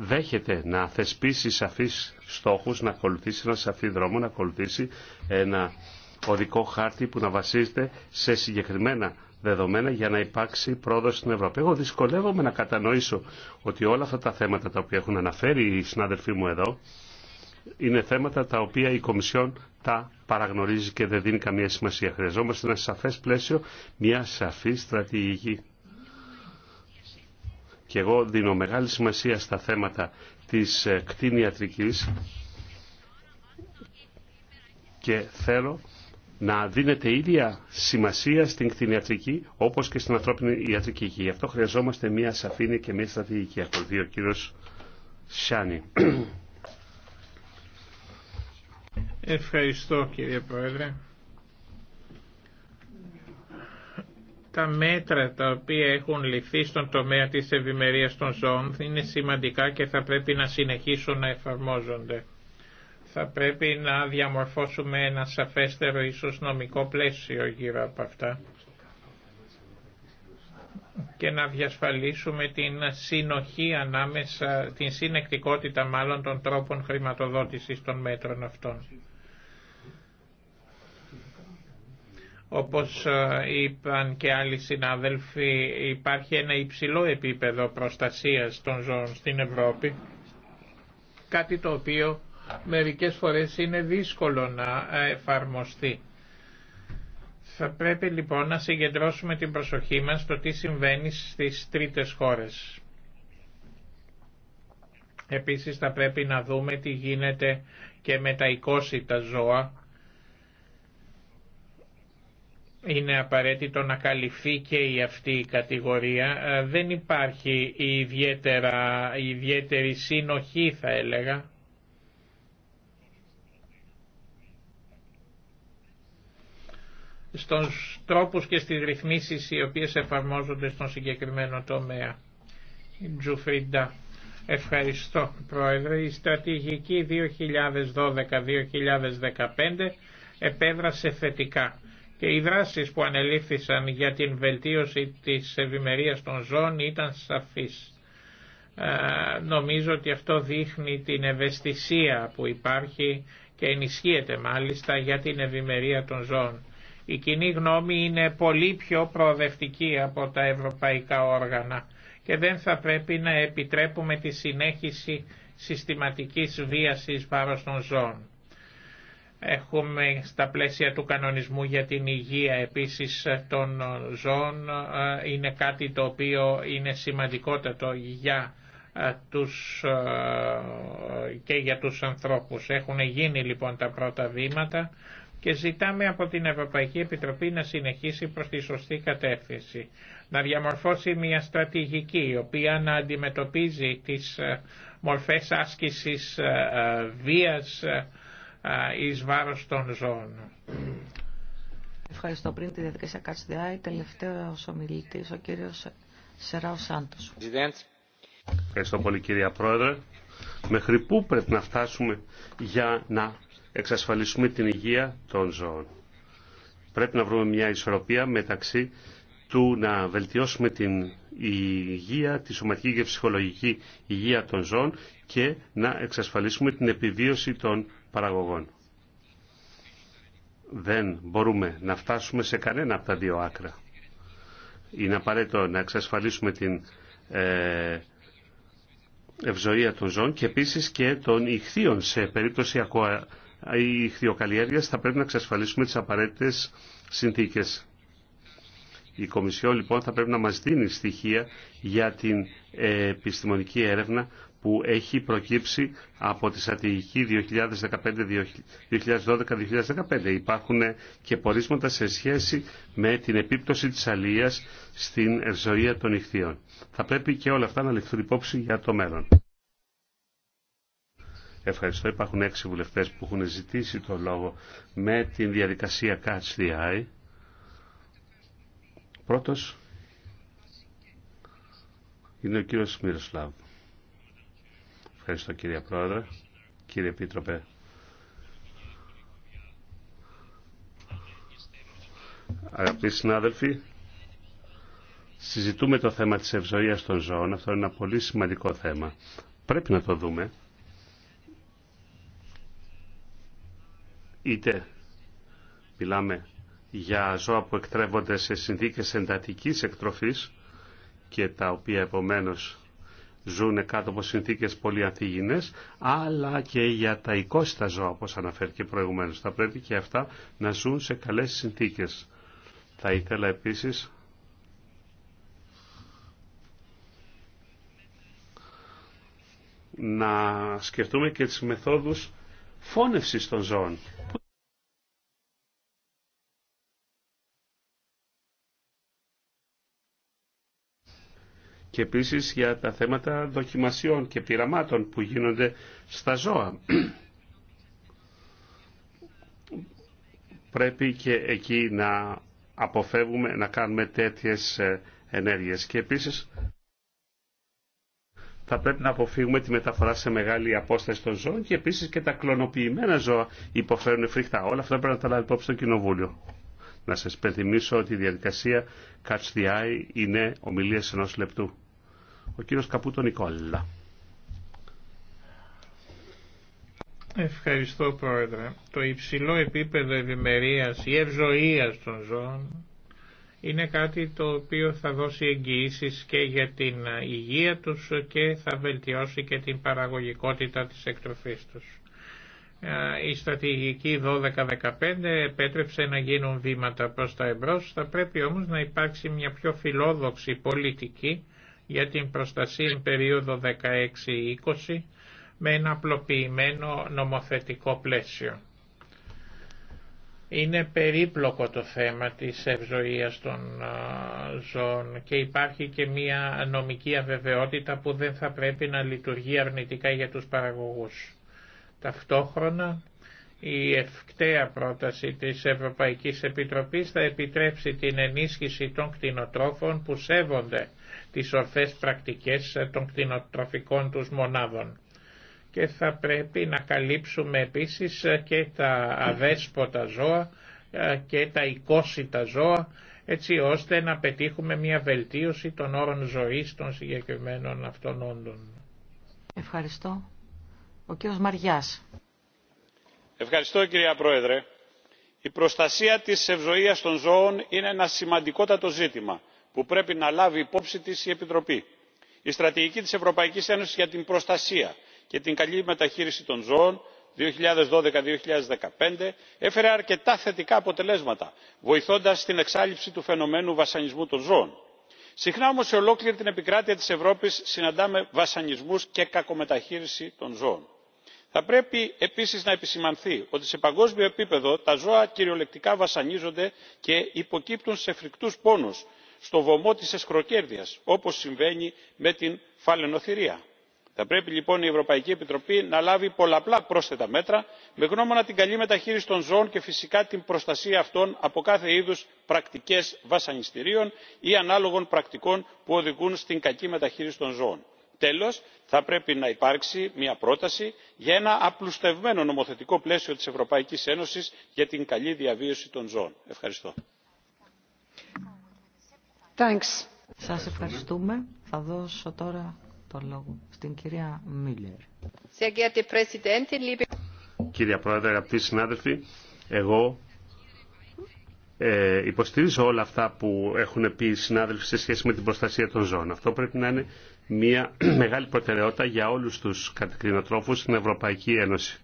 S1: δέχεται να θεσπίσει σαφείς στόχους, να ακολουθήσει ένα σαφή δρόμο, να ακολουθήσει ένα οδικό χάρτη που να βασίζεται σε συγκεκριμένα δεδομένα για να υπάρξει πρόοδος στην Ευρώπη. Εγώ δυσκολεύομαι να κατανοήσω ότι όλα αυτά τα θέματα τα οποία έχουν αναφέρει οι συνάδελφοί μου εδώ είναι θέματα τα οποία η Κομισιόν τα παραγνωρίζει και δεν δίνει καμία σημασία. Χρειαζόμαστε ένα σαφές πλαίσιο, μια σαφή στρατηγική. Και εγώ δίνω μεγάλη σημασία στα θέματα της ε, κτηνιατρικής και θέλω να δίνεται ίδια σημασία στην κτηνιατρική όπως και στην ανθρώπινη ιατρική. γι' αυτό χρειαζόμαστε μια σαφήνεια και μια στρατηγική. Ακολουθεί ο κύριος Σιάννη.
S3: Ευχαριστώ κύριε Πρόεδρε. τα μέτρα τα οποία έχουν ληφθεί στον τομέα της ευημερίας των ζώων είναι σημαντικά και θα πρέπει να συνεχίσουν να εφαρμόζονται. Θα πρέπει να διαμορφώσουμε ένα σαφέστερο ίσως νομικό πλαίσιο γύρω από αυτά και να διασφαλίσουμε την συνοχή ανάμεσα, την συνεκτικότητα μάλλον των τρόπων χρηματοδότησης των μέτρων αυτών. Όπως ε, είπαν και άλλοι συνάδελφοι, υπάρχει ένα υψηλό επίπεδο προστασίας των ζώων στην Ευρώπη, κάτι το οποίο μερικές φορές είναι δύσκολο να ε, εφαρμοστεί. Θα πρέπει λοιπόν να συγκεντρώσουμε την προσοχή μας στο τι συμβαίνει στις τρίτες χώρες. Επίσης θα πρέπει να δούμε τι γίνεται και με τα οικόσιτα ζώα είναι απαραίτητο να καλυφθεί και η αυτή η κατηγορία. Ε, δεν υπάρχει ιδιαίτερα, ιδιαίτερη συνοχή θα έλεγα. στους τρόπους και στις ρυθμίσεις οι οποίες εφαρμόζονται στον συγκεκριμένο τομέα. Τζουφριντα. Ευχαριστώ Πρόεδρε. Η στρατηγική 2012-2015 επέδρασε θετικά και οι δράσεις που ανελήφθησαν για την βελτίωση της ευημερία των ζώων ήταν σαφείς. Ε, νομίζω ότι αυτό δείχνει την ευαισθησία που υπάρχει και ενισχύεται μάλιστα για την ευημερία των ζώων. Η κοινή γνώμη είναι πολύ πιο προοδευτική από τα ευρωπαϊκά όργανα και δεν θα πρέπει να επιτρέπουμε τη συνέχιση συστηματικής βίασης βάρος των ζώων. Έχουμε στα πλαίσια του κανονισμού για την υγεία επίσης των ζώων ε, είναι κάτι το οποίο είναι σημαντικότατο για ε, τους, ε, και για τους ανθρώπους. Έχουν γίνει λοιπόν τα πρώτα βήματα και ζητάμε από την Ευρωπαϊκή Επιτροπή να συνεχίσει προς τη σωστή κατεύθυνση. Να διαμορφώσει μια στρατηγική η οποία να αντιμετωπίζει τις μορφές άσκησης βίας εις βάρος των ζώων.
S2: Ευχαριστώ. Πριν τη διαδικασία ΚΑΤΣΔΙ, ομιλητής, ο κύριος Σεράου Σάντος.
S1: Ευχαριστώ πολύ κύριε Πρόεδρε. Μέχρι πού πρέπει να φτάσουμε για να εξασφαλίσουμε την υγεία των ζώων. Πρέπει να βρούμε μια ισορροπία μεταξύ του να βελτιώσουμε την υγεία, τη σωματική και ψυχολογική υγεία των ζώων και να εξασφαλίσουμε την επιβίωση των παραγωγών. Δεν μπορούμε να φτάσουμε σε κανένα από τα δύο άκρα. Είναι απαραίτητο να εξασφαλίσουμε την ε, ευζοία των ζώων και επίσης και των ηχθείων. Σε περίπτωση ηχθειοκαλλιέργειας θα πρέπει να εξασφαλίσουμε τις απαραίτητες συνθήκες. Η Κομισιό λοιπόν θα πρέπει να μας δίνει στοιχεία για την επιστημονική έρευνα που έχει προκύψει από τη στρατηγική 2012-2015. Υπάρχουν και πορίσματα σε σχέση με την επίπτωση της αλίας στην ευζοία των νυχτιών. Θα πρέπει και όλα αυτά να ληφθούν υπόψη για το μέλλον. Ευχαριστώ. Υπάρχουν έξι βουλευτές που έχουν ζητήσει το λόγο με την διαδικασία Catch the Πρώτος είναι ο κύριος Μυροσλάβου. Ευχαριστώ κύριε Πρόεδρε, κύριε Επίτροπε. Αγαπητοί συνάδελφοι, συζητούμε το θέμα της ευζοίας των ζώων. Αυτό είναι ένα πολύ σημαντικό θέμα. Πρέπει να το δούμε. Είτε μιλάμε για ζώα που εκτρέβονται σε συνθήκες εντατικής εκτροφής και τα οποία επομένως Ζούνε κάτω από συνθήκες πολύ ανθυγινές, αλλά και για τα οικόσιτα ζώα, όπως αναφέρθηκε προηγουμένως. Θα πρέπει και αυτά να ζουν σε καλές συνθήκες. Θα ήθελα επίσης να σκεφτούμε και τις μεθόδους φώνευσης των ζώων. και επίσης για τα θέματα δοκιμασιών και πειραμάτων που γίνονται στα ζώα. Πρέπει και εκεί να αποφεύγουμε να κάνουμε τέτοιες ε, ενέργειες. Και επίσης θα πρέπει να αποφύγουμε τη μεταφορά σε μεγάλη απόσταση των ζώων και επίσης και τα κλωνοποιημένα ζώα υποφέρουν φρικτά. Όλα αυτά πρέπει να τα λάβει υπόψη στο Κοινοβούλιο. Να σας πενθυμίσω ότι η διαδικασία Catch the Eye είναι ομιλίες ενός λεπτού. Ο κύριος Καπούτο Νικόλα.
S3: Ευχαριστώ Πρόεδρε. Το υψηλό επίπεδο ευημερίας ή ευζοίας των ζώων είναι κάτι το οποίο θα δώσει εγγυήσεις και για την υγεία τους και θα βελτιώσει και την παραγωγικότητα της εκτροφής τους. Ε, η στρατηγική 12-15 επέτρεψε να γίνουν βήματα προς τα εμπρός, θα πρέπει όμως να υπάρξει μια πιο φιλόδοξη πολιτική για την προστασία περίοδο 16-20 με ένα απλοποιημένο νομοθετικό πλαίσιο. Είναι περίπλοκο το θέμα της ευζοίας των ζώων και υπάρχει και μία νομική αβεβαιότητα που δεν θα πρέπει να λειτουργεί αρνητικά για τους παραγωγούς. Ταυτόχρονα η ευκταία πρόταση της Ευρωπαϊκής Επιτροπής θα επιτρέψει την ενίσχυση των κτηνοτρόφων που σέβονται τις ορθές πρακτικές ε, των κτηνοτροφικών τους μονάδων. Και θα πρέπει να καλύψουμε επίσης ε, και τα αδέσποτα ζώα ε, και τα οικόσιτα ζώα έτσι ώστε να πετύχουμε μια βελτίωση των όρων ζωής των συγκεκριμένων αυτών όντων.
S2: Ευχαριστώ. Ο κύριος
S3: Μαριάς.
S4: Ευχαριστώ κυρία Πρόεδρε. Η προστασία της ευζοίας των ζώων είναι ένα σημαντικότατο ζήτημα που πρέπει να λάβει υπόψη της η επιτροπή. η στρατηγική της ευρωπαϊκής ένωσης για την προστασία και την καλή μεταχείριση των ζώων 2012 χιλιάδες έφερε αρκετά θετικά αποτελέσματα βοηθώντας στην εξάλληψη του φαινομένου βασανισμού των ζώων. συχνά όμως σε ολόκληρη την επικράτεια της ευρώπης συναντάμε βασανισμούς και κακομεταχείριση των ζώων. θα πρέπει επίσης να επισημανθεί ότι σε παγκόσμιο επίπεδο τα ζώα κυριολεκτικά βασανίζονται και υποκύπτουν σε φρικτούς πόνους στο βωμό της εσχροκέρδειας όπως συμβαίνει με την φαλαινοθυρία. θα πρέπει λοιπόν η ευρωπαϊκή επιτροπή να λάβει πολλαπλά πρόσθετα μέτρα με γνώμονα την καλή μεταχείριση των ζώων και φυσικά την προστασία αυτών από κάθε είδους πρακτικές βασανιστήριων ή ανάλογων πρακτικών που οδηγούν στην κακή μεταχείριση των ζώων. τέλος θα πρέπει να υπάρξει μια πρόταση για ένα απλουστευμένο νομοθετικό πλαίσιο της ευρωπαϊκής ένωσης για την καλή διαβίωση των ζώων. ευχαριστώ.
S2: Thanks. Σας ευχαριστούμε. Θα δώσω τώρα το λόγο στην κυρία Μίλλερ.
S1: Κυρία Πρόεδρε, αγαπητοί συνάδελφοι, εγώ ε, υποστηρίζω όλα αυτά που έχουν πει οι συνάδελφοι σε σχέση με την προστασία των ζώων. Αυτό πρέπει να είναι μια μεγάλη προτεραιότητα για όλους τους κατεκρινοτρόφους στην Ευρωπαϊκή Ένωση.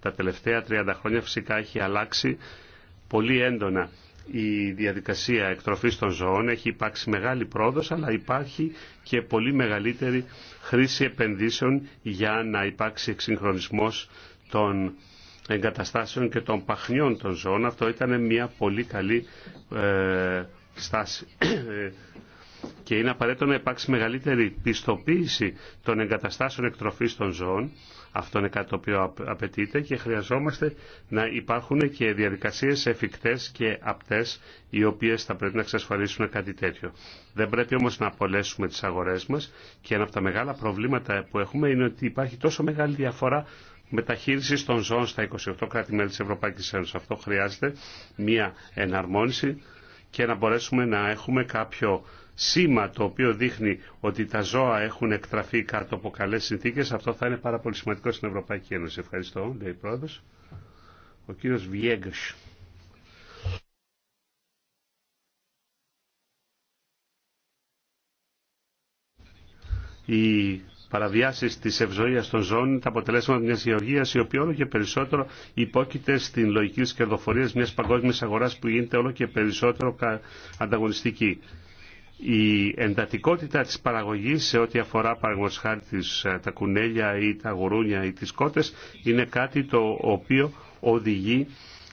S1: Τα τελευταία 30 χρόνια φυσικά έχει αλλάξει πολύ έντονα η διαδικασία εκτροφής των ζώων έχει υπάρξει μεγάλη πρόοδος αλλά υπάρχει και πολύ μεγαλύτερη χρήση επενδύσεων για να υπάρξει εξυγχρονισμός των εγκαταστάσεων και των παχνιών των ζώων. Αυτό ήταν μια πολύ καλή ε, στάση ε, και είναι απαραίτητο να υπάρξει μεγαλύτερη πιστοποίηση των εγκαταστάσεων εκτροφής των ζώων. Αυτό είναι κάτι το οποίο απαιτείται και χρειαζόμαστε να υπάρχουν και διαδικασίες εφικτές και απτές οι οποίες θα πρέπει να εξασφαλίσουν κάτι τέτοιο. Δεν πρέπει όμως να απολέσουμε τις αγορές μας και ένα από τα μεγάλα προβλήματα που έχουμε είναι ότι υπάρχει τόσο μεγάλη διαφορά μεταχείριση των ζώων στα 28 κράτη-μέλη της Ευρωπαϊκής Ένωσης. Αυτό χρειάζεται μια εναρμόνιση και να μπορέσουμε να έχουμε κάποιο σήμα το οποίο δείχνει ότι τα ζώα έχουν εκτραφεί κάτω από καλέ συνθήκε, αυτό θα είναι πάρα πολύ σημαντικό στην Ευρωπαϊκή Ένωση. Ευχαριστώ, λέει πρόεδρο. Ο κύριο Βιέγκος. Οι παραβιάσει τη ευζοία των ζώων είναι τα αποτελέσματα μια γεωργία η οποία όλο και περισσότερο υπόκειται στην λογική τη κερδοφορία μια παγκόσμια αγορά που γίνεται όλο και περισσότερο ανταγωνιστική η εντατικότητα της παραγωγής σε ό,τι αφορά παραγωγικά χάρη της, ε, τα κουνέλια ή τα γουρούνια ή τις κότες είναι κάτι το οποίο οδηγεί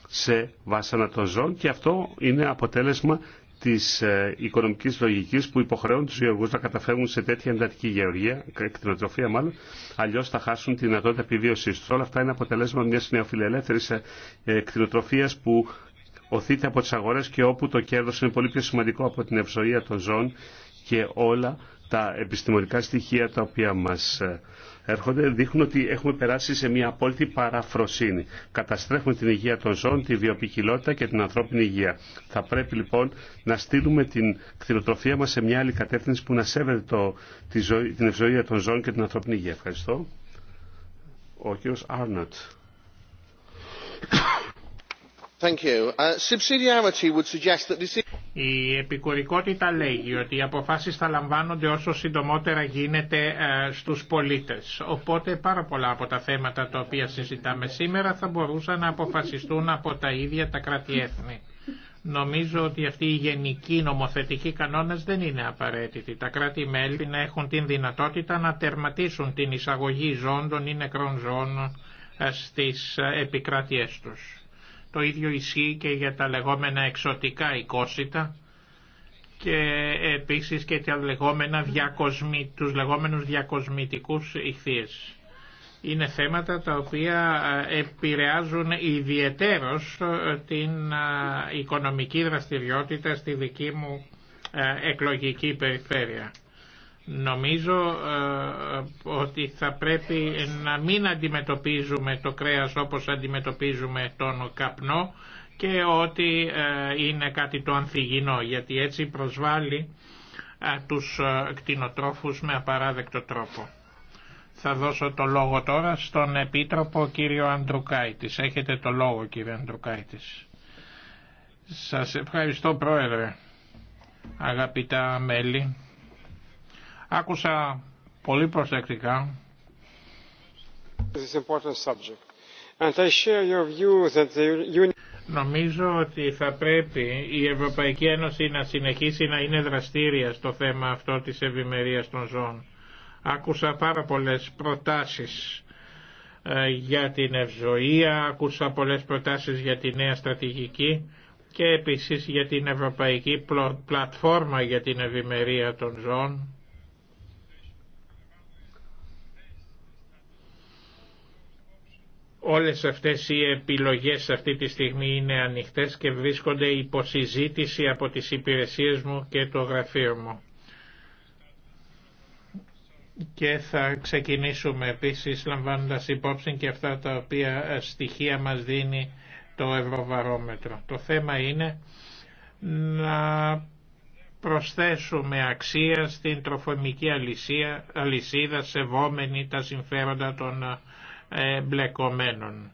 S1: σε βάσανα των ζώων και αυτό είναι αποτέλεσμα της ε, οικονομικής λογικής που υποχρεώνει τους γεωργούς να καταφεύγουν σε τέτοια εντατική γεωργία, εκτινοτροφία μάλλον, αλλιώς θα χάσουν τη δυνατότητα επιβίωσής τους. Όλα αυτά είναι αποτελέσμα μιας νεοφιλελεύθερης εκτινοτροφίας ε, που οθείται από τις αγορές και όπου το κέρδος είναι πολύ πιο σημαντικό από την ευζοία των ζώων και όλα τα επιστημονικά στοιχεία τα οποία μας ε, έρχονται δείχνουν ότι έχουμε περάσει σε μια απόλυτη παραφροσύνη. Καταστρέφουμε την υγεία των ζώων, τη βιοπικιλότητα και την ανθρώπινη υγεία. Θα πρέπει λοιπόν να στείλουμε την κτηνοτροφία μας σε μια άλλη κατεύθυνση που να σέβεται το, τη την ευζοία των ζώων και την ανθρώπινη υγεία. Ευχαριστώ. Ο κύριος Uh,
S3: η επικουρικότητα λέγει ότι οι αποφάσεις θα λαμβάνονται όσο συντομότερα γίνεται ε, στους πολίτες. Οπότε πάρα πολλά από τα θέματα τα οποία συζητάμε σήμερα θα μπορούσαν να αποφασιστούν από τα ίδια τα κράτη-έθνη. Νομίζω ότι αυτή η γενική νομοθετική κανόνες δεν είναι απαραίτητη. Τα κράτη-μέλη να έχουν την δυνατότητα να τερματίσουν την εισαγωγή ζώντων ή νεκρών ζώων ε, στις ε, επικράτειές τους. Το ίδιο ισχύει και για τα λεγόμενα εξωτικά οικόσιτα και επίσης και τα λεγόμενα διακοσμη, τους λεγόμενους διακοσμητικούς ηχθείες. Είναι θέματα τα οποία επηρεάζουν ιδιαιτέρως ε, την οικονομική δραστηριότητα στη δική μου ε, εκλογική περιφέρεια. Νομίζω ε, ότι θα πρέπει να μην αντιμετωπίζουμε το κρέας όπως αντιμετωπίζουμε τον καπνό και ότι ε, είναι κάτι το ανθυγινό γιατί έτσι προσβάλλει ε, τους κτηνοτρόφους με απαράδεκτο τρόπο. Θα δώσω το λόγο τώρα στον Επίτροπο κύριο Αντρουκάητης. Έχετε το λόγο κύριε Αντρουκάητης. Σας ευχαριστώ Πρόεδρε, αγαπητά μέλη. Άκουσα πολύ προσεκτικά Νομίζω ότι θα πρέπει η Ευρωπαϊκή Ένωση να συνεχίσει να είναι δραστήρια στο θέμα αυτό της ευημερίας των ζώων. Άκουσα πάρα πολλές προτάσεις ε, για την ευζοία, άκουσα πολλές προτάσεις για τη νέα στρατηγική και επίσης για την Ευρωπαϊκή Πλατφόρμα για την Ευημερία των Ζώων Όλες αυτές οι επιλογές αυτή τη στιγμή είναι ανοιχτές και βρίσκονται υποσυζήτηση από τις υπηρεσίες μου και το γραφείο μου. Και θα ξεκινήσουμε επίσης λαμβάνοντας υπόψη και αυτά τα οποία ε, στοιχεία μας δίνει το Ευρωβαρόμετρο. Το θέμα είναι να προσθέσουμε αξία στην τροφομική αλυσίδα σεβόμενη τα συμφέροντα των ε, εμπλεκομένων.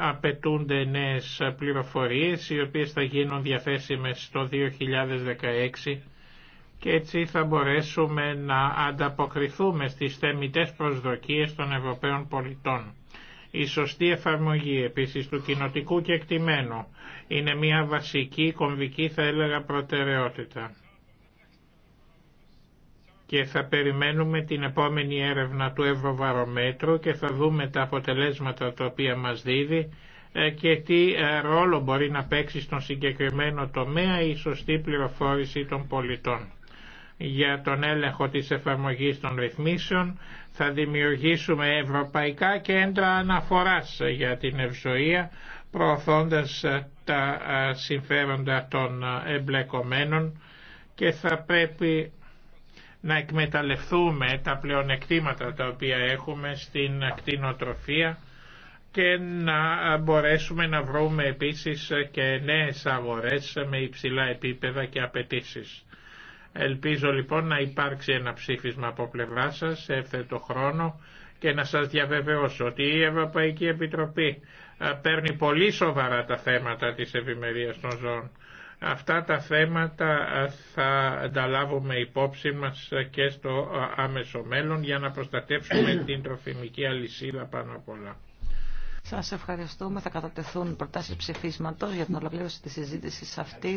S3: Απαιτούνται νέες πληροφορίες οι οποίες θα γίνουν διαθέσιμες το 2016 και έτσι θα μπορέσουμε να ανταποκριθούμε στις θεμητές προσδοκίες των Ευρωπαίων πολιτών. Η σωστή εφαρμογή επίσης του κοινοτικού κεκτημένου είναι μια βασική κομβική θα έλεγα προτεραιότητα και θα περιμένουμε την επόμενη έρευνα του Ευρωβαρομέτρου και θα δούμε τα αποτελέσματα τα οποία μας δίδει ε, και τι ε, ρόλο μπορεί να παίξει στον συγκεκριμένο τομέα η σωστή πληροφόρηση των πολιτών. Για τον έλεγχο της εφαρμογής των ρυθμίσεων θα δημιουργήσουμε ευρωπαϊκά κέντρα αναφοράς για την ευζοία προωθώντας ε, τα συμφέροντα των εμπλεκομένων και θα πρέπει να εκμεταλλευτούμε τα πλεονεκτήματα τα οποία έχουμε στην ακτινοτροφία και να μπορέσουμε να βρούμε επίσης και νέες αγορές με υψηλά επίπεδα και απαιτήσει. Ελπίζω λοιπόν να υπάρξει ένα ψήφισμα από πλευρά σας σε εύθετο χρόνο και να σας διαβεβαιώσω ότι η Ευρωπαϊκή Επιτροπή ε, παίρνει πολύ σοβαρά τα θέματα της ευημερίας των ζώων Αυτά τα θέματα ε, θα ανταλάβουμε υπόψη μας ε, και στο ε, άμεσο μέλλον για να προστατεύσουμε την τροφιμική αλυσίδα
S4: πάνω απ' όλα.
S2: Σας ευχαριστούμε. Θα κατατεθούν προτάσεις ψηφίσματος για την ολοκλήρωση της συζήτησης αυτή.